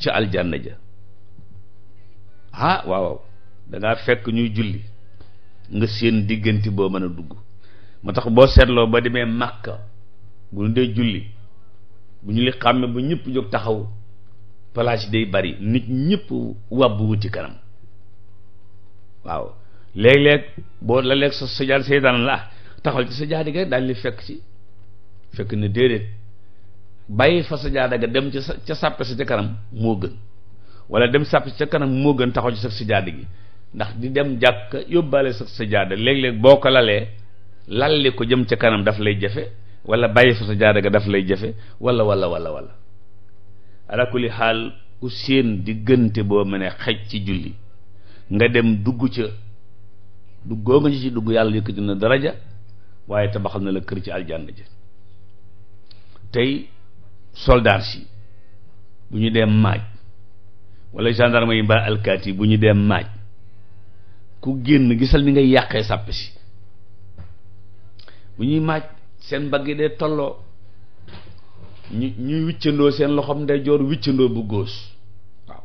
ci aljanna ja ah waaw dangaa fekk ñuy julli nga seen diggante boo mën a dugg moo tax boo seetloo ba demee Makka bu ñu dee julli bu ñu li xàmme bu ñëpp jóg taxaw place de bari nit ñëpp wàbb wuti kanam waaw léeg-léeg boo la leeg sa sa seytaan la ah, taxawal ci sa jaadi ga daal li fekk ci fekk na déedéet bàyyi fa sajjaada ga dem ca ca sàppe sa ca kanam moo gën wala dem sàppe sa ca kanam moo gën taxaw ca sa sajjaada gi ndax di dem jàkk yóbbaale sa sajjaada léeg-léeg boo ko lalee lalli ko jëm ca kanam daf lay jafe wala bàyyi fa sajjaada ga daf lay jafe wala wala wala wala ala kulli xaal ku seen diggante boo mënee xaj ci julli nga dem dugg ca duggoo nga ci dugg yàlla yëkkati na daraja waaye tabaxal na la kër ci aljanna ja tey soldaar yi bu ñu dee maaj wala gendarme yi mbaa alkaati bu ñu dee maaj ku génn gisal ni ngay yàqee sàpp si bu ñuy maaj seen mbagg yi dee tolloo ñu ñuy wiccandoo seen loxoom ndeyjoor wiccandoo bu góos waaw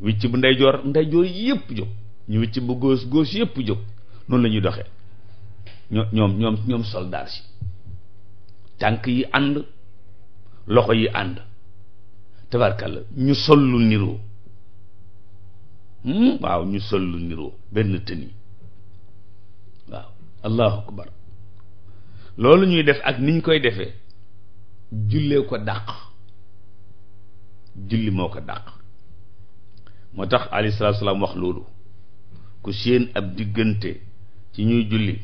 wicc bu ndeyjoor ndeyjoor yëpp jóg ñu wicc bu góos góos yépp jóg noonu lañuy ñuy doxee ñoom ñoom ñoom soldaar si tànk yi ànd loxo yi ànd tabarkalla ñu sol lu niroo hmm? waaw ñu sol lu niroo benn tëni waaw allahu akbar loolu ñuy def ak niñ koy defee jullee ko dàq julli moo ko dàq moo tax alayhi salaatu salaam wax loolu ku séen ab diggante ci ñuy julli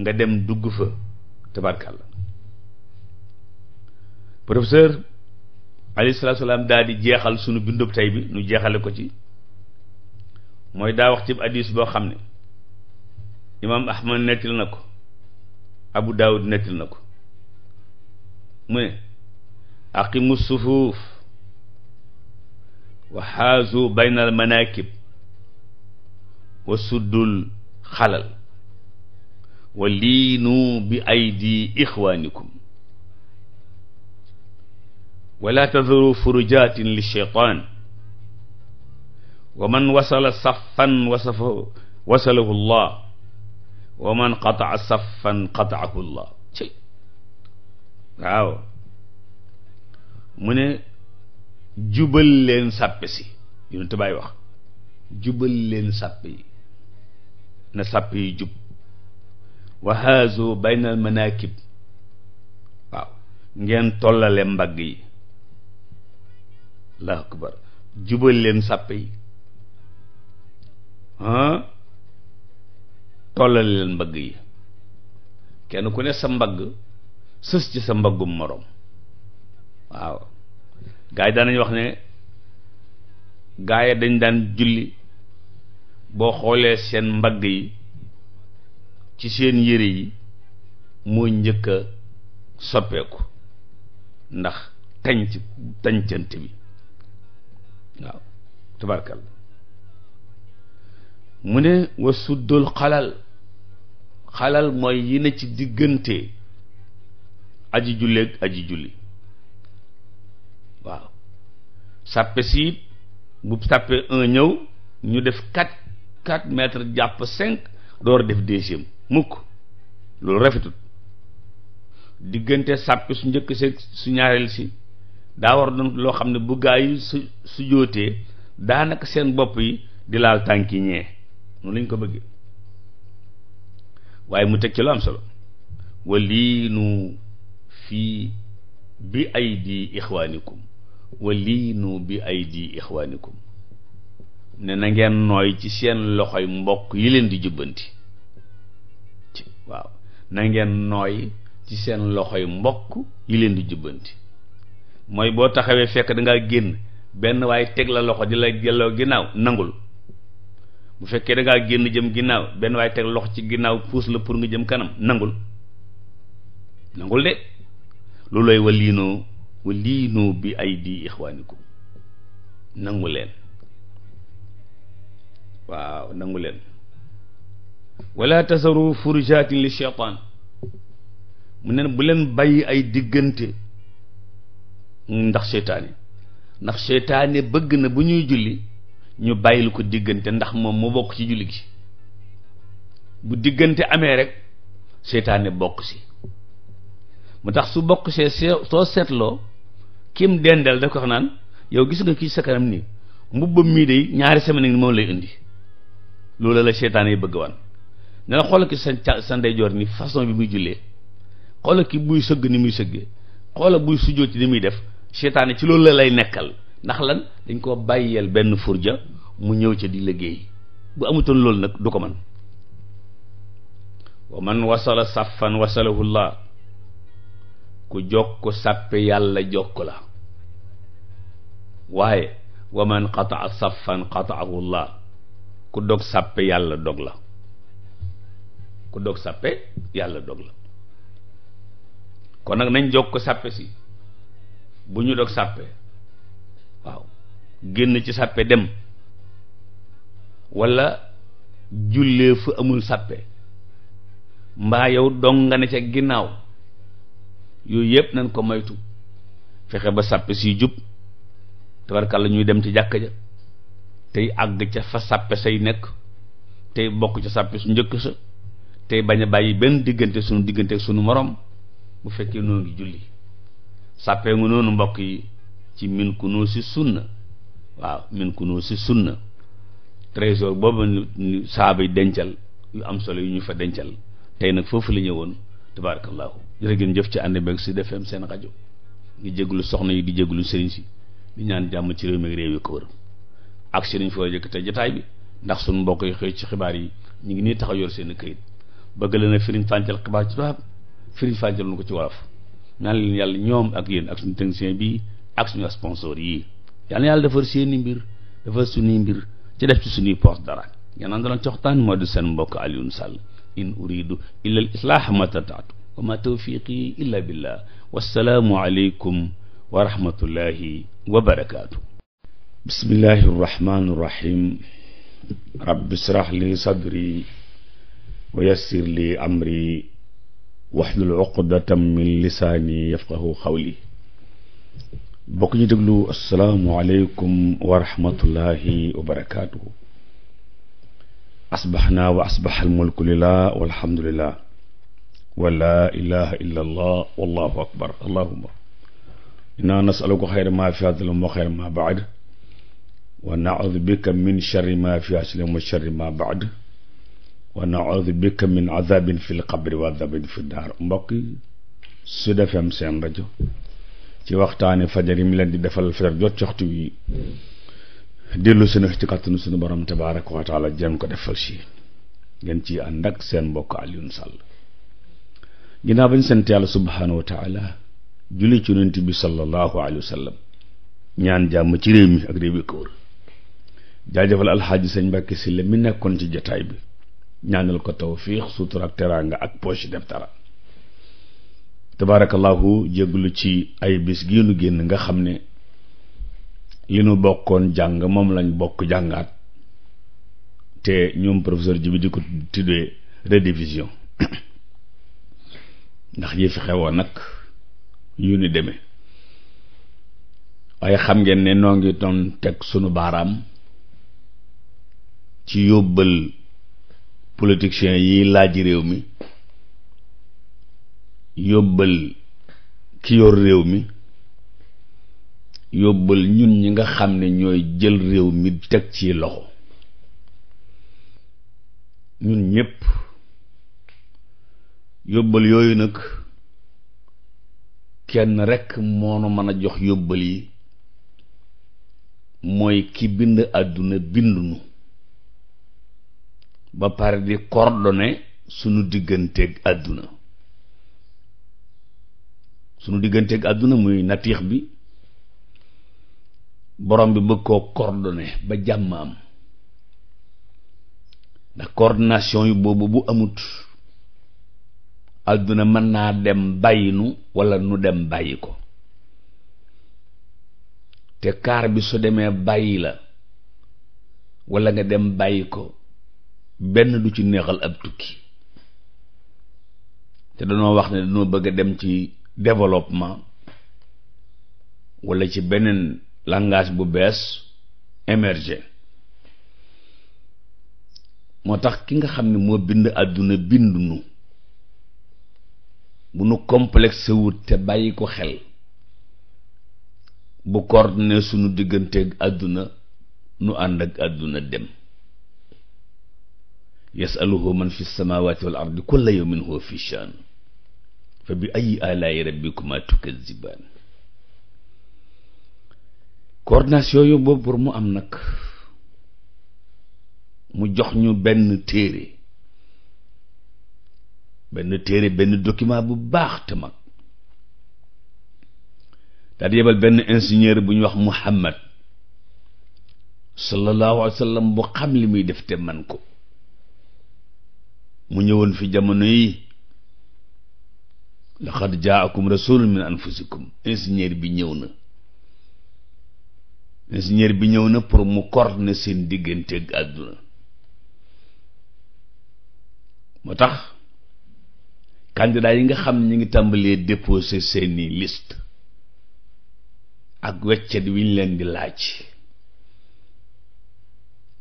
nga dem dugg fa tabarkalla professeur alayhi salaam daal di jeexal sunu bindub tey bi nu jeexale ko ci mooy daa wax ci addis boo xam ne imaam ahmad nettil na ko abu daawud nettil na ko mu ne aqimu sufuuf wa xaazu bayna al manakib wa suddul xalal wa liinu bi aydi ixwaanikum wala tadaru furujatin li sheytaan wa man wasala saffan wasafa wasalahu llah wa man qataa saffan qataahu llah ci waaw mu ne jubal leen sàppe si yunu tubaay wax jubal leen sàppe yi na sàppe yi jub wa haazu bayna al manakib waaw ngeen tollale mbagg yi allahu akbar jubal leen sàppe yi tollal leen mbagg yi kenn ku ne sa mbagg sës ci sa mbaggum moroom waaw gaa yi wax ne gaa yi dañ daan julli boo xoolee seen mbagg yi ci seen yére yi moo njëkka soppeeku ndax tañc tañcant bi waaw tabarkal mu ne wa suddul xalal xalal mooy yi ci diggante aji julleeg aji julli waaw sàppe si bu sàppe un ñëw ñu def quatre quatre mètres jàpp cinq door def deuxième mukk loolu rafetut diggante sàppe su njëkk seeg su ñaareel si daa loo xam ne bu gaa yi su su jootee daanaka seen bopp yi di laal tànki ñee noonu lañ ko bëggee waaye mu teg ci lu am solo wa fii bi aydi ixwaanikum wa liinu bi aydi ixwaanikum ne na ngeen nooy ci seen loxoy mbokk yi leen di jubbanti waaw na ngeen nooy ci seen loxoy mbokk yi leen di jubbanti mooy boo taxawee fekk da génn benn waaye teg la loxo di la jëloo ginnaaw nangul bu fekkee da génn jëm ginnaaw benn waaye teg loxo ci ginnaaw puus la pour nga jëm kanam nangul nangul de loolu lay waliinoo waliinoo bi ay di ixwaanikum nangu leen waaw nangu leen wala tasaru furujaatin li shaytaan mu ne bu leen bàyyi ay diggante ndax seytaane ndax seytaane bëgg na bu ñuy julli ñu bàyyilu ko diggante ndax moom mu bokk ci julli gi bu diggante amee rek seytaane bokk si mu tax su bokk see soo seetloo kim dendal daf ko wax naan yow gis nga kii sa kanam nii mbubbam mii dey ñaari semaine ni moom lay indi loolu la seytaane bëgg wan ne la xoolal ki sa ndeyjoor ni façon bi muy jullee xoolal ki buy sëgg ni muy sëggee xoolal buy sujjóot ci ni muy def seytaane ci loolu la lay nekkal ndax lan dañ koo bàyyeel benn furja mu ñëw ci di liggéey bu amutoon loolu nag du ko mën wa man wasala sàffan wasalahu llah ku jokk sàppe yàlla jokk waaye wa man qataa ku dog sàppe yàlla dog la ku dog sàppe yàlla dog la kon nag nañ jokk sàppe si bu ñu dog sàppe waaw génn ci sàppe dem walla jullee fu amul sàppe mbaa yow dong ca ginnaaw yooyu yëpp nañ ko moytu fexe ba sàppe si jub tabarkàlla ñuy dem ci jàkka ja tey àgg ca fa sàppe say nekk tey bokk ca sàppe su njëkk sa tey bañ a bàyyi benn diggante suñu diggante sunu suñu moroom bu fekkee noo ngi julli sàppee nga noonu mbokk yi ci min ku noo si sunna waaw min ku noo si sunna trésor boobu saaba yi dencal yu am solo yu ñu fa dencal tey nag foofu la ñëwoon tabaarakallaahu jërë ngeen jëf ci ànd beeg Sud FM seen rajo di jégalu soxna yi di jégalu sëriñ si di ñaan jàmm ci réew mi réew yi ko wër ak sëriñ fa yëkk te jataay bi ndax suñu mbokk yi xëy ci xibaar yi ñu ngi nii taxaw yor seen i këyit bëgg leen a firiñ fàncal xibaar ci tubaab firiñ fàncal nu ko ci wolof ñaan leen yàlla ñoom ak yéen ak bi ak suñu sponsor yi yal na yàlla defar seeni mbir defar suñuy mbir ci def ci suñuy poos dara ngeen àndaloon ci waxtaan moo di seen mbokk Alioune Sall in uridu illa al islaaha ma tataatu wa ma tawfiqi illa billah wassalaamu aleykum wa rahmatullahi wa barakaatu bismillahi arrahmani irrahim rabbi israh li sadri wa yassir waxlul uqdatam min lisaani yafqahu xawli bokk ñu déglu asalaamualeykum wa rahmatullahi wa barakaatuhu asbaxnaa wa asbaxa almulku lillah walhamdulillah wa laa ilaha illa allah wallahu akbar allahuma inna nasaluka xayra ma fi hada wa xayra ma baad wa naudu bika min charri ma fi aslam wa charri ma baad wa naudu bika min azabin fil qabri wa azabin fi daar mbokk yi seen rajo ci waxtaani fajar yi mu leen di defal fajar jot ci ci kàttanu sunu borom tabaaraka wa taala jëm ko defal ngeen ci ànd ak seen mbokk Alioune Sall ginnaaw bañ sant yàlla subhaanahu wa taala julli ci yonent bi sallallahu alayhi jàmm ci réew mi ak alxaaji sëñ Mbàkke si la mi nekkoon ci jataay bi ñàngal ko tawfiix sutura ak teraanga ak poche def dara tabarakallahu jégglu ci ay bis gi génn nga xam ne li nu bokkoon jàng moom lañ bokk jàngaat te ñoom professeur ji bi ko tuddee rédivision ndax yi fi xewoon nag yu ni demee waaye xam ngeen ne noo ngi doon teg sunu baaraam ci yóbbal politiciens yi laaj réew mi yóbbal ki yor réew mi yóbbal ñun ñi nga xam ne ñooy jël réew mi teg ci loxo ñun ñépp yóbbal yooyu nag kenn rekk moonu mën a jox yóbbal yi mooy ki bind àdduna binduñu ba pare di coordonné sunu digganteeg àdduna sunu digganteeg àdduna muy natiix bi borom bi bëgg koo coordonné ba jàmm am ndax coordination yu boobu bu amut àdduna mën naa dem bàyyi nu walla nu dem bàyyi ko te kaar bi su demee bàyyi la walla nga dem bàyyi ko benn du ci neexal ab tukki te dañoo wax ne dañoo bëgg a dem ci développement walla ci beneen langage bu bees émergé moo tax ki nga xam ni moo bind àdduna bindu nu bu nu complexe te bàyyi ko xel bu coordonné sunu digganteeg àdduna nu ànd ak àdduna dem yasaluhu man fi samawati wal ardi kulla yawmin huwa fi shaan fa bi ay alaai rabbikuma tukazibaan coordination yooyu boobu pour mu am nag mu jox ñu benn téere benn téere benn document bu baax te mag daal di benn ingénieur bu ñu wax Muhammad sallallahu alayhi wa bu xam li muy def te man ko mu ñëwoon fi jamono yi laqad jaakum rasulun min anfusikum ingénieur bi ñëw na ingénieur bi ñëw na pour mu kor coordonner seen diggante ak àdduna moo tax candidat yi nga xam ne ñu ngi tàmbalee déposer seeni liste ak weccet wi ñu leen di laaj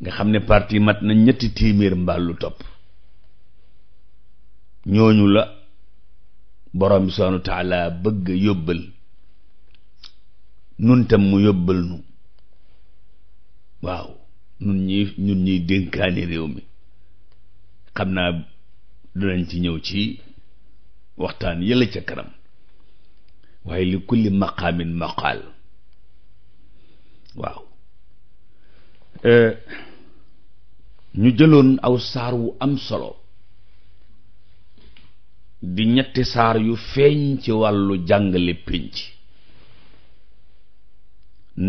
nga xam ne parti mat na ñetti téeméer mbaal lu topp ñooñu la borom bi subhaanahu wa bëgg yóbbal nun tam mu yóbbal nu waaw nun ñi ñun ñiy dénkaani réew mi xam naa dinañ ci ñëw ci waxtaan yëla ca kanam waaye li kulli maqaamin maqaal waaw eh, ñu jëloon aw saar wu am solo di ñetti saar yu feeñ ci wàllu jàngale pénc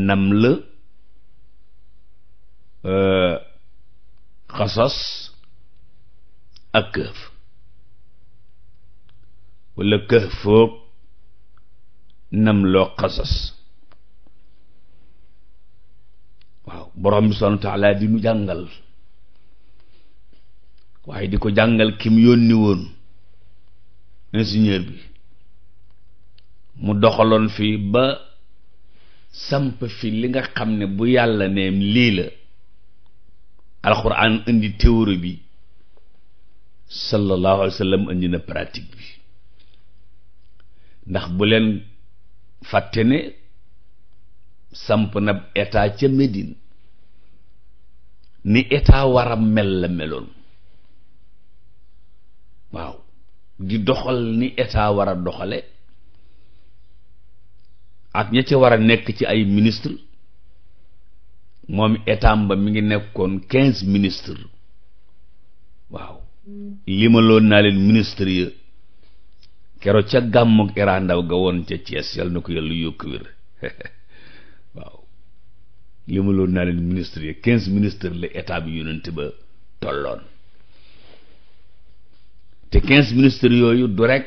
nam la euh, xasas ak këf wala këf nam loo xasas waaw borom bi subhaanahu wa taala di jàngal waaye di ko jàngal kim yónni woon ingénieur bi mu doxaloon fii ba samp fi li nga xam ne bu yàlla ne lii la alxuraan indi théorie bi sallallahu alayhi wa indi na pratique bi ndax bu leen fàtte ne samp na état ca Médine ni état war mel la meloon waaw di doxal ni état war a doxale ak ña ci war a nekk ci ay ministre moom état ba mi ngi nekkoon quinze ministre waaw limaloon naa leen ministre ya kero ca gàmmug Iran ndaw woon ca Thiès yàlla na ko yàlla yokk wér waaw limaloon naa leen ministre yi quinze ministre la état bi yonent ba tolloon te quinze ministres yooyu du rek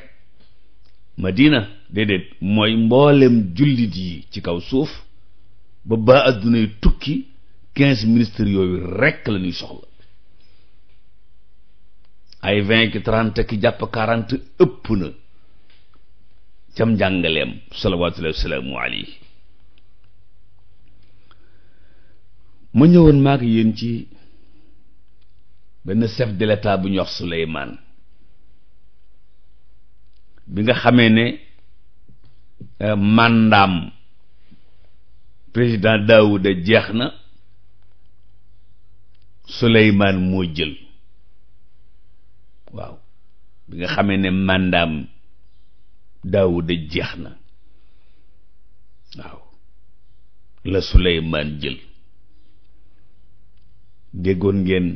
Madina déedéet mooy mbooleem jullit yi ci kaw suuf ba ba adduna yi tukki quinze ministres yooyu rekk la ñuy soxla ay vingt ki jàpp quarante ëpp na cam njàngaleem salawaatullahi wasalaamu alayhi ma ñëwoon maak yéen ci benn chef de bu ñu wax Souleymane bi nga xamee ne euh, màndaam président Daouda jeex na Souleymane moo jël waaw bi nga xamee ne màndaam Daouda jeex na waaw la Souleymane jël déggoon ngeen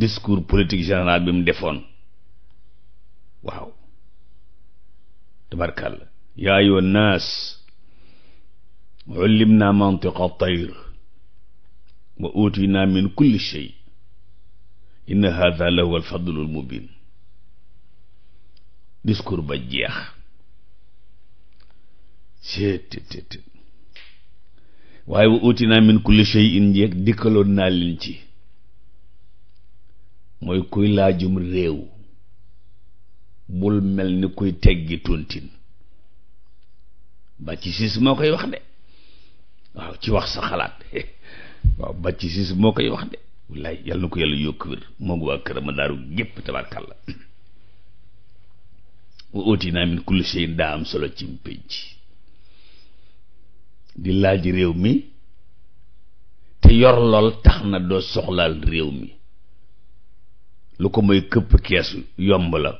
discours politique général bi mu defoon waaw tabarkàlla yaa ayyuha nnaas ullimnaa mantiqa tayr wa uutinaa min kulli shay inna haada la huwa alfadlu almubin discours ba jeex seet waaye wa uutinaa min kulli shay in jeeg dikkaloon naa leen ci mooy kuy laajum réew bul mel ni kuy teggi tontin bàcc siis moo koy wax de waaw ci wax sa xalaat waaw bàcc siis moo koy wax de wallaay yàlla na ko yàlla yokk wér moo ngi waa këram a daaru gépp tabarkàlla wa ootinaa min kulli shay'in daa am solo ci pénc di laaj réew mi te yor lool tax na doo soxlaal réew mi lu ko mooy këpp keesu yomb la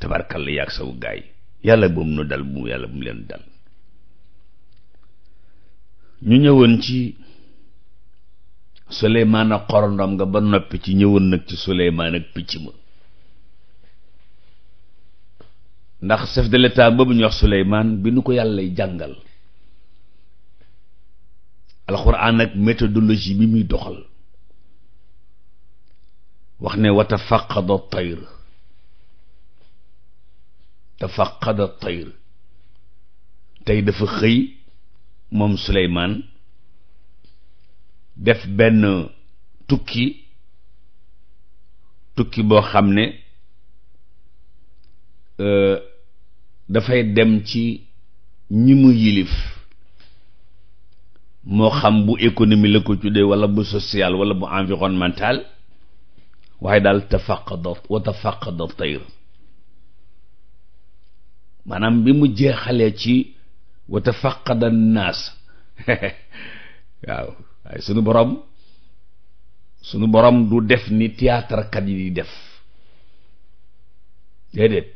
tabarkalla yaag saw gaay yàlla bu mu nu dal bu yàlla leen dal ñu ñëwoon ci Suleymaan ak xorondom nga ba noppi ci ñëwoon nag ci Suleymaan picc ma ndax chef de l'état boobu ñu wax Suleymaan bi nu ko yàlla jàngal alxuraan ak méthodologie bi muy doxal wax ne watafaqada tayr tafaqada tey dafa xëy moom Suleymaan def benn tukki tukki boo xam ne euh, dafay dem ci ñi mu yilif moo xam bu économie la ko tuddee walla bu social walla bu environnemental waaye daal tafaqada wa tafaqada tayr maanaam bi mu jeexalee ci wa tafaqada naas waaw waaye sunu borom sunu boroom du def ni théâtre kat yi di def déedéet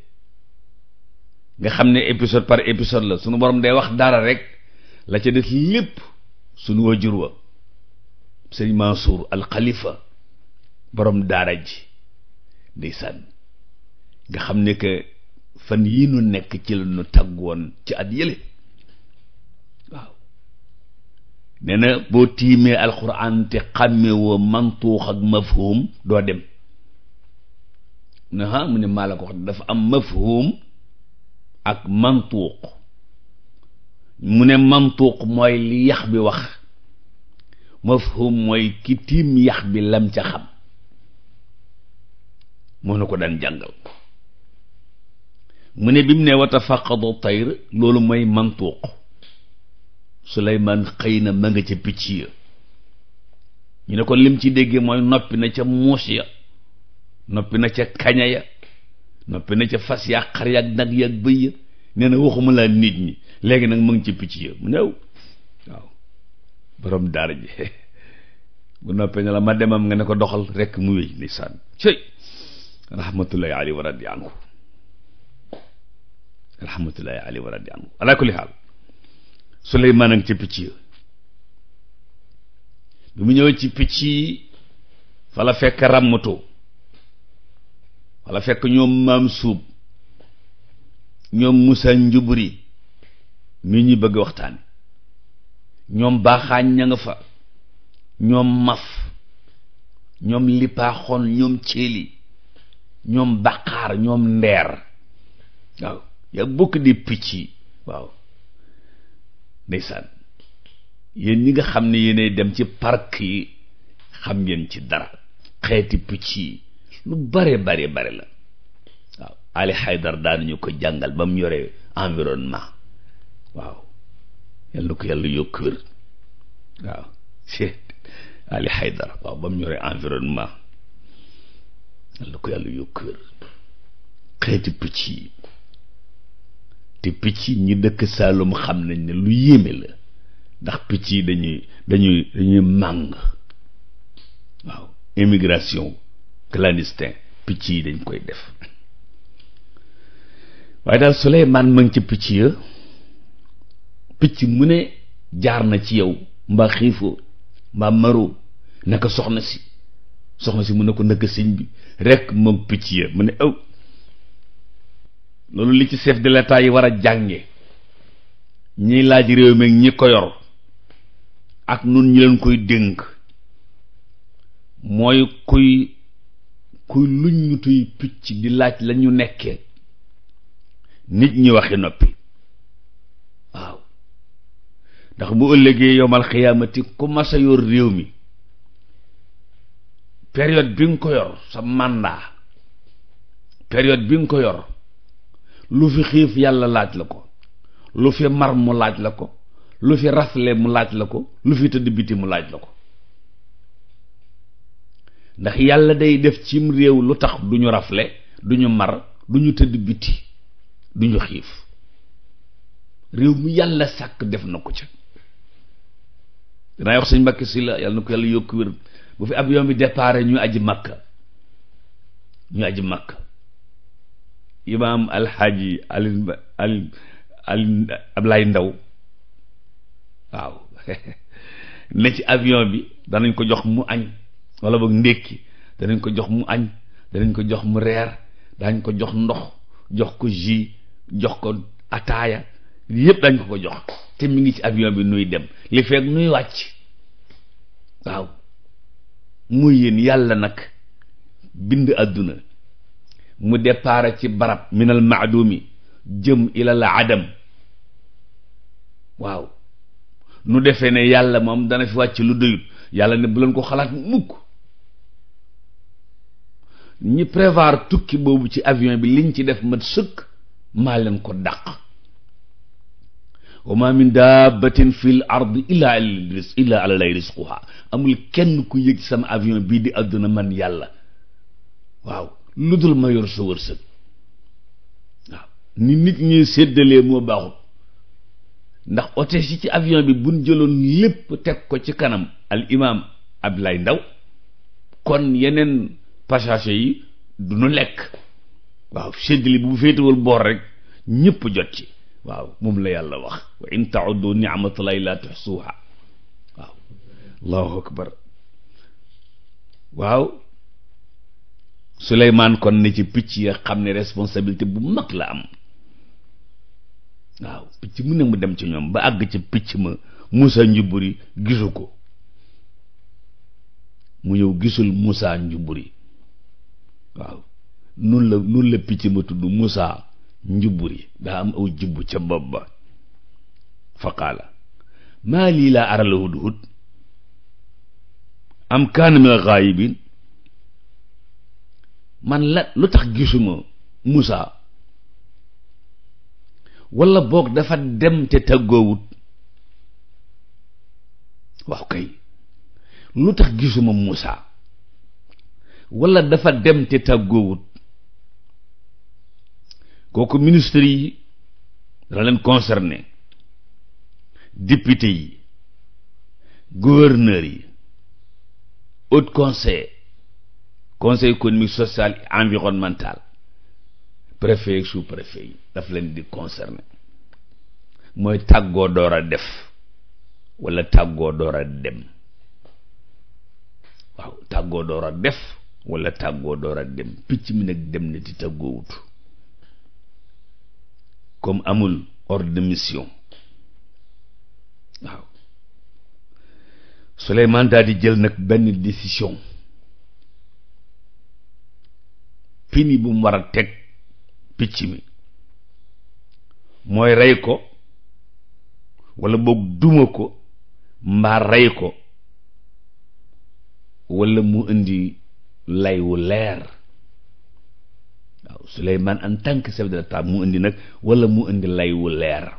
nga xam ne épisode par épisode la sunu borom day wax daara rek la ca des lépp sunu wajur wa sëñ Mansour al Khalifa boroom daara ji ndeysaan nga xam ne fan yii nu nekk ci la nu tàggoon ci at yële waaw nee na boo tiimee alxuraan te xàmmewoo mantuux ak mafhum doo dem naa mu ne maa ko wax dafa am mafhum ak mantuux mu ne mantuux mooy yax bi wax mafhum mooy ki tiim yax bi lam ca xam moo na ko daan jàngal mu ne bi mu ne wa tafaqadu tayr loolu mooy mantuuq Suleymaan xëy na ma nga ca picc ya ñu ne kon lim ci déggee mooy noppi na ca muus ya noppi na ca kaña ya noppi na ca fas yaa xar yaa nag yaa bëy ya nee na waxuma laa nit ñi léegi nag mu ngi ci picc ya mu new waaw borom daara ji bu noppee ne la ma demam nga ne ko doxal rekk mu wéy ndeysaan cëy rahmatullahi alayhi wa radi anhu rahmatullahi alayhi wa radi anhu ala kulli xaal Suleymaan ak ci picc yi bi mu ñëwee ci picc yi fa la fekk ràmmatoo fa la fekk ñoom maam suub ñoom Musa njuburi mi ñuy bëgg waxtaane ñoom baaxaañ ña nga fa ñoom maf ñoom lipaaxoon ñoom céeli ñoom baqaar ñoom ndeer waaw yaa bokk di picc yi waaw ndeysaan yéen ñi nga xam ne yéenay dem ci park yi xam ngeen ci dara xeeti picc yi lu bare bare bare la waaw Ali Haydar daanuñu ko jàngal ba mu yore environnement waaw yal na yàlla yokk wér mu yore environnement yal na ko yàlla yokk wér xeeti picc yi te picc ñi dëkk Saalum xam nañ ne lu yéeme la ndax picc yi dañuy dañuy dañuy màng waaw immigration clandestin picc yi dañ koy def waaye daal Suleymaan ma ngi ci picc ya picc mu ne jaar na ci yow mbaa xiifoo mbaa maroo naka soxna si soxna si mu ne ko naka sëñ bi rek moom picc ya mu ne aw loolu li ci chef de yi war a jànge ñiy laaj réew mi ñi ko yor ak nun ñi leen koy dénk mooy kuy kuy luñ picc di laaj la ñu nekkee nit ñi waxi noppi waaw ndax bu ëllëgee yowmal xiyaamati ku mas a yor réew mi période bi nga ko yor sa mandat période bi nga ko yor lu fi xiif yàlla laaj la ko lu fi mar mu laaj la ko lu fi rafle mu laaj la ko lu fi tëdd biti mu laaj la ko ndax yàlla day def cim réew lu tax du ñu rafle du ñu mar du ñu tëdd biti du ñu xiif réew mi yàlla sàkk def na ko ca dinaa wax sëñ Mbàkke si la yàlla na ko yàlla yokku wér bu fi avion bi départ ñu aji Makka ñu aji Makka imaam alxaaji alin alin alin Ablaay Ndaw waaw ne ci avion bi danañ ko jox mu añ wala boog ndékki danañ ko jox mu añ danañ ko jox mu reer daañ ko jox ndox jox ko jus jox ko ataaya yëpp dañ ko ko jox te mi ngi ci avion bi nuy dem li feeg nuy wàcc waaw muy yéen yàlla nag bind àdduna mu départ ci barab minal maadumi jëm ilal adam waaw nu defee ne yàlla moom dana fi wàcc lu doyut yàlla ne bu leen ko xalaat mukk ñi prévoir tukki boobu ci avion bi li liñ ci def mat sëkk maa leen ko dàq wa ma min dabbatin fil ardi illa illa risquha amul kenn ku yëg sama avion bii di àdduna man yàlla waaw lu dul ma yor sa wërsëg nit ñi séddalee moo baaxut ndax otes yi ci avion bi buñ jëloon lépp teg ko ci kanam alimaam imaam lay Ndaw kon yeneen passager yi du nu lekk waaw séddali bu féetewul boor rek ñépp jot ci waaw moom la yàlla wax wa in tauddu niamatullahi la tuhsuha waaw allahu akbar waaw Suleymaan kon ne ci picc yi xam ne responsabilité bu mag la am waaw picc mu ne mu dem ci ñoom ba àgg ci picc ma Moussa Njuburi gisu ko mu ñëw gisul Moussa Njuburi waaw nun la nun la picc ma tudd Moussa Njuburi daa am aw jubbu ca bopp ba fa qaala maa lii laa aral hudhud am kaana min al man la lu tax gisuma Moussa walla boog dafa dem te tàggoowut waaw kay lu tax gisuma Moussa walla dafa dem te tàggoowut kooku ministre yi dana leen concerné député yi gouverneur yi haut conseil conseil économique social environnemental préfet yi sous préfet yi daf leen di concerné mooy tàggoo door a def walla tàggoo door a dem def walla tàggoo door a picc mi nag dem na ti tàggoowut comme amul ordre de mission waaw Souleymane di jël nag benn décision pini bu mu war a teg picc mi mooy rey ko walla boog duma ko mbaa rey ko wala mu indi lay wu leer waaw Souleymane en tant que mu indi nag walla mu indi lay wu leer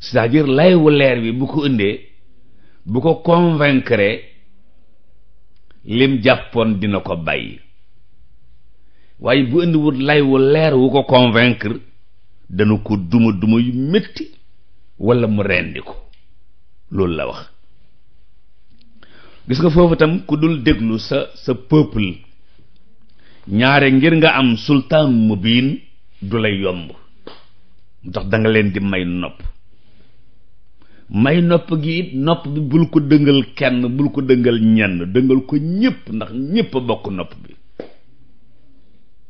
cest à lay wu leer bi bu ko indee bu ko convaincre lim jàppoon dina ko bàyyi waaye bu indiwut lay wu leer wu ko convaincre dana ko duma duma yu métti walla mu rendi ko loolu la wax gis nga foofu tam ku dul déglu sa sa peuple ñaare ngir nga am sultaan mu biin du lay yomb ndax da nga leen di may nopp may nopp gi it nopp bi bul ko dëngal kenn bul ko dëngal ñenn dëngal ko ñëpp ndax ñëpp bokk nopp bi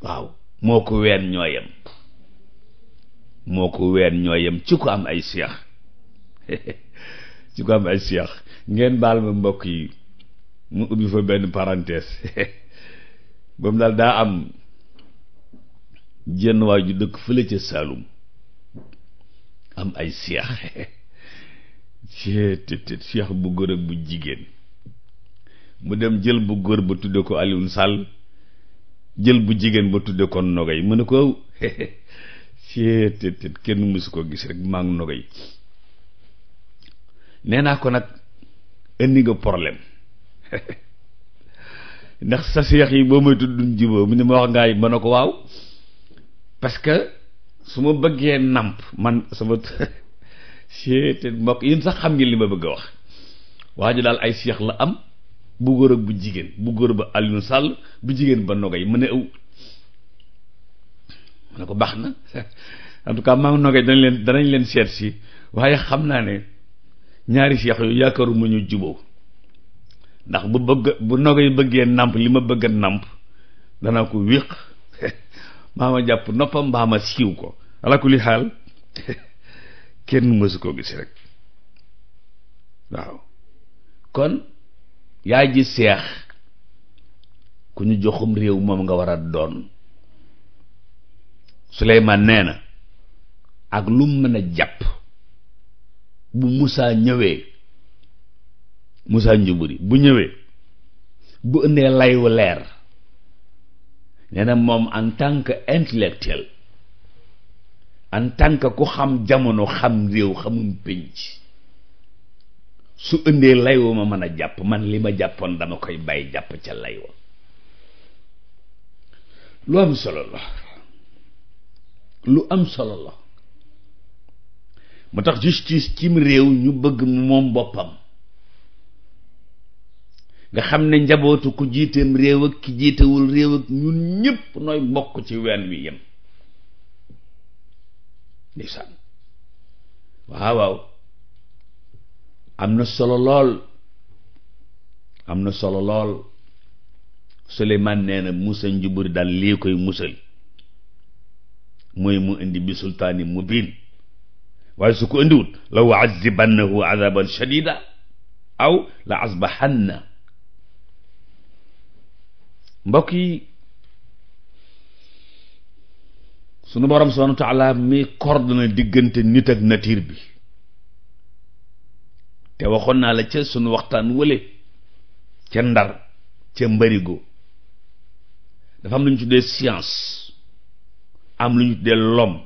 waaw moo ko ween ñooyam moo ko ween ñooyam ci ko am ay seex ci ko am ay seex ngeen baal ma mbokk yi mu ubbi fa benn parenthèse ba daal daa am jenn waay ju dëkk fële ca Saalum am ay seex ceetetet seex bu góor ak bu jigéen mu dem jël bu góor ba tudde ko Alioune Sall jël bu jigéen ba tuddee kon ko yi mën a ko aw seeteet kenn su ko gis rek maa ngi nogay nee naa ko nag indi nga problème ndax sa seex yi boo may tudd jiboo mu ne ma wax ngaa yi ma ne ko waaw parce que su ma bëggee nàmp man sama seeteet mbokk yéen sax xam ngeen li ma bëgg a wax waa daal ay seex la am bu góor ak bu jigéen bu góor ba Alioune Sall bu jigéen ba yi mën ne ëw mu ne ko baax na en tout cas maa ngi Nogay danañ leen danañ leen seet si waaye xam naa ne ñaari seex yooyu yaakaaruma ñu juboo ndax bu bëgg bu Nogay bëggee nàmp li ma bëgg a nàmp danaa ko wéq maa ma jàpp noppam mbaa ma siiw ko ala kulli xaal kenn mësu koo gis rek waaw kon yaay ji seex ku ñu joxum réew moom nga war a doon Suleymaan nee na ak lu mën a jàpp bu Musaa ñëwee Musaa Njuburi bu ñëwee bu indee layu leer nee na moom en tant intellectuel en tànk ku xam jamono xam réew xamum pénc su ëndee lay ma mën a jàpp man li ma jàppoon dama koy bàyyi jàpp ca lay lu am solo la lu am solo la mu tax justice cim réew ñu bëgg moom boppam nga xam ne njabootu ku jiiteem réew ki jiitewul réew ñun ñëpp nooy bokk ci ween wi yem ndeysaan waaw waaw am na solo lool am na solo lool Suleymaan nee na Musa njubur daal lii koy musal mooy mu indi bi sultaani mubiin waaye su ko indiwut la uazzibannahu azaban shadida aw la asbahanna mbokk yi sunu borom subhanahu taala mi coordonné diggante nit ak nature bi te waxoon naa la ca sunu waxtaan wële ca ndar ca mbarigo dafa am lu ñu tuddee science am lu ñu tuddee l'homme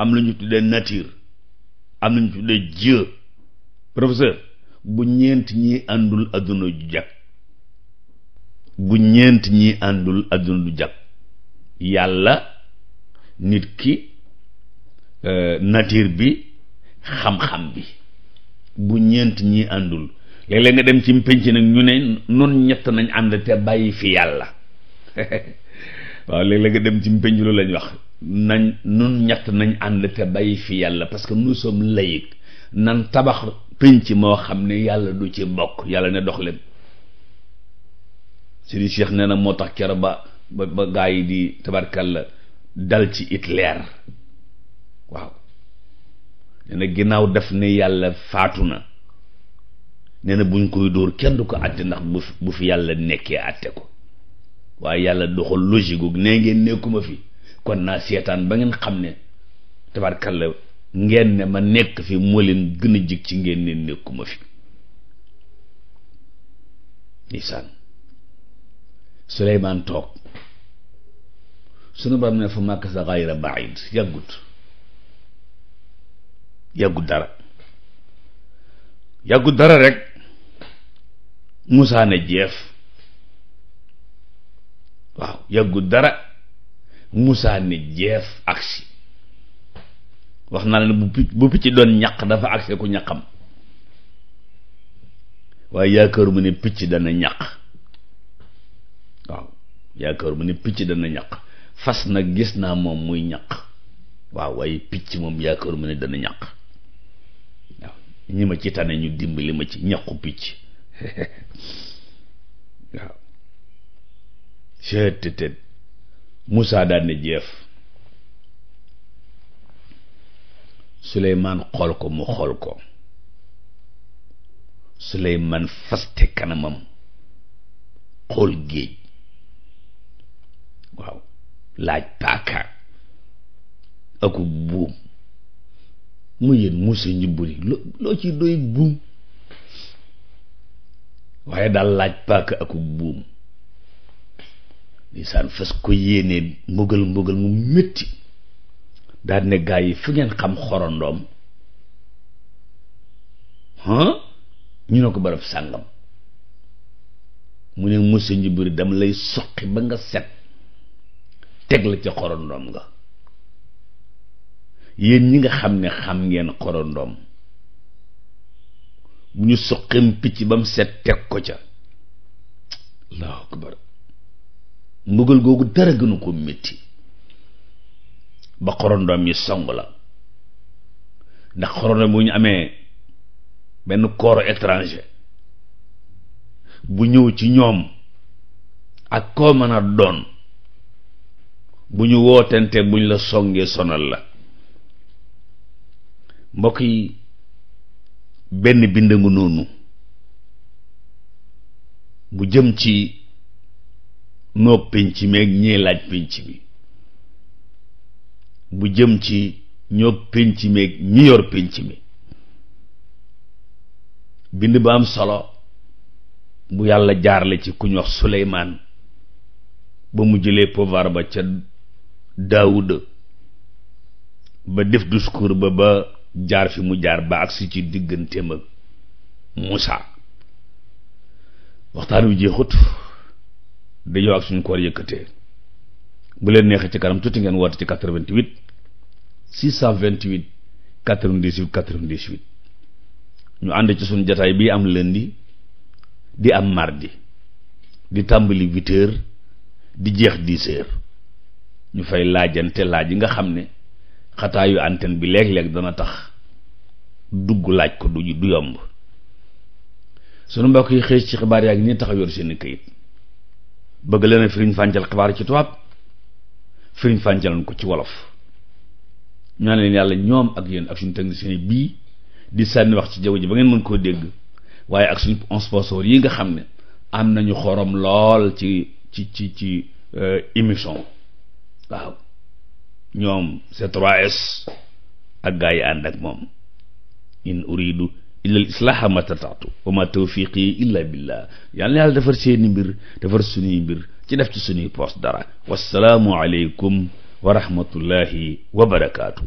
am lu ñu tuddee nature am lu ñu tuddee Dieu professeur bu ñeent ñi àndul adduna ju jag bu ñeent ñi àndul adduna du jag yàlla nit ki euh, natiir bi xam-xam bi bu ñeent ñii àndul léeg-léeg nga dem ci pénc nag ñu ne nun ñett nañ ànd te bàyyi fi yàlla waaw léeg-léeg nga dem ci pénc lu lañ wax nañ nun ñett nañ ànd te bàyyi fi yàlla parce que nous sommes laïcs nan tabax pénc moo xam ne yàlla du ci bokk yàlla ne dox leen Sëriñ Cheikh nee na moo tax kero ba ba gaa yi di tabarkal la dal ci Hitler waaw nee ginnaaw def ni yàlla faatu na nee na buñ koy dóor kenn du ko àtte ndax bu bu fi yàlla nekkee àtte ko waaye yàlla doxal logique gu nee ngeen nekkuma fi kon naa seetaan ba ngeen xam ne tabarkalla ngeen ne ma nekk fi moo leen gën a jig ci ngeen ne nekkuma fi ndeysaan Suleymaan toog sunu borom ne fa makasa gayra baid yàggut yàggu dara yàggu dara rek musaa ne jeef waaw dara musaa ne jeef wax na leen bu picc bu picc doon ñaq dafa agsi ku ñaqam waaye yaakaaruma ne picc dana ñaq waaw yaakaaruma ne picc dana ñaq fas nag gis naa moom muy ñaq waaw waaye picc moom mu ne dana ñaq ñi ma ci tane ñu dimbali ma ci ñaqu picc waaw jeef Suleymaan xool ko mu xool ko Suleymaan faste kanamam xool géej waaw laaj paaka aku buum mu yéen Moussa Ndioumbéri loo loo ci doy buum waaye daal laaj paaka ak buum lisaan fas ko yéenee mbugal mbugal mu metti daal ne gaa yi fi ngeen xam xorondoom ñu ne ko barab sàngam mu ne Moussa Ndioumbéri dama lay soqi ba nga set teg la ca xorondoom la yéen ñi nga xam ne xam ngeen xorondoom bu ñu suqim picc ba mu set teg ko ca allahu akbar mbugal googu dara gënu ko métti ba xorondoom yi song la ndax xorondoom bu ñu amee benn corps étranger bu ñëw ci ñoom ak koo mën a doon bu ñu bu ñu la songee sonal la mbokk yi benn bind ngu noonu bu jëm ci noo pénc mi ak ñee laaj pénc mi bu jëm ci ñoo pénc mi ak ñi pénc mi bind ba am solo bu yàlla jaarle ci ku ñu wax Suleymaan ba mu jëlee pouvoir ba ca Daawuda ba def discours ba ba jaar fi mu jaar ba agsi ci diggante ak Moussa waxtaan wi jeexut dañoo ak suñu koor yëkkatee bu leen neexee ci kanam tuuti ngeen woote ci 88 628 98 98 ñu ànd ci suñu jataay bii am lundi di am mardi di tàmbali 8 di jeex 10 ñu fay laajante laaj yi nga xam ne xataayu antenne bi léeg-léeg dana tax dugg laaj ko du du yomb sunu mbokk yi xëy ci xibaar yaa ngi nii taxaw yor seeni kayit bëgg leen a firiñ fàncal xibaar ci tubaab firiñ fàncaloon ko ci wolof ñaan leen yàlla ñoom ak yéen ak suñu technicien bii di sànni wax ci jaww ji ba ngeen mën koo dégg waaye ak suñu sponsor yi nga xam ne am nañu xorom lool ci ci ci ci euh, émission waaw ñoom C3S ak gaa yi ànd moom in uridu illa al islaha ma tataatu wa ma illa billah yàlla na yàlla defar seeni mbir defar suñuy mbir ci def ci suñuy poos dara wassalaamu aleykum wa rahmatullahi wa barakaatu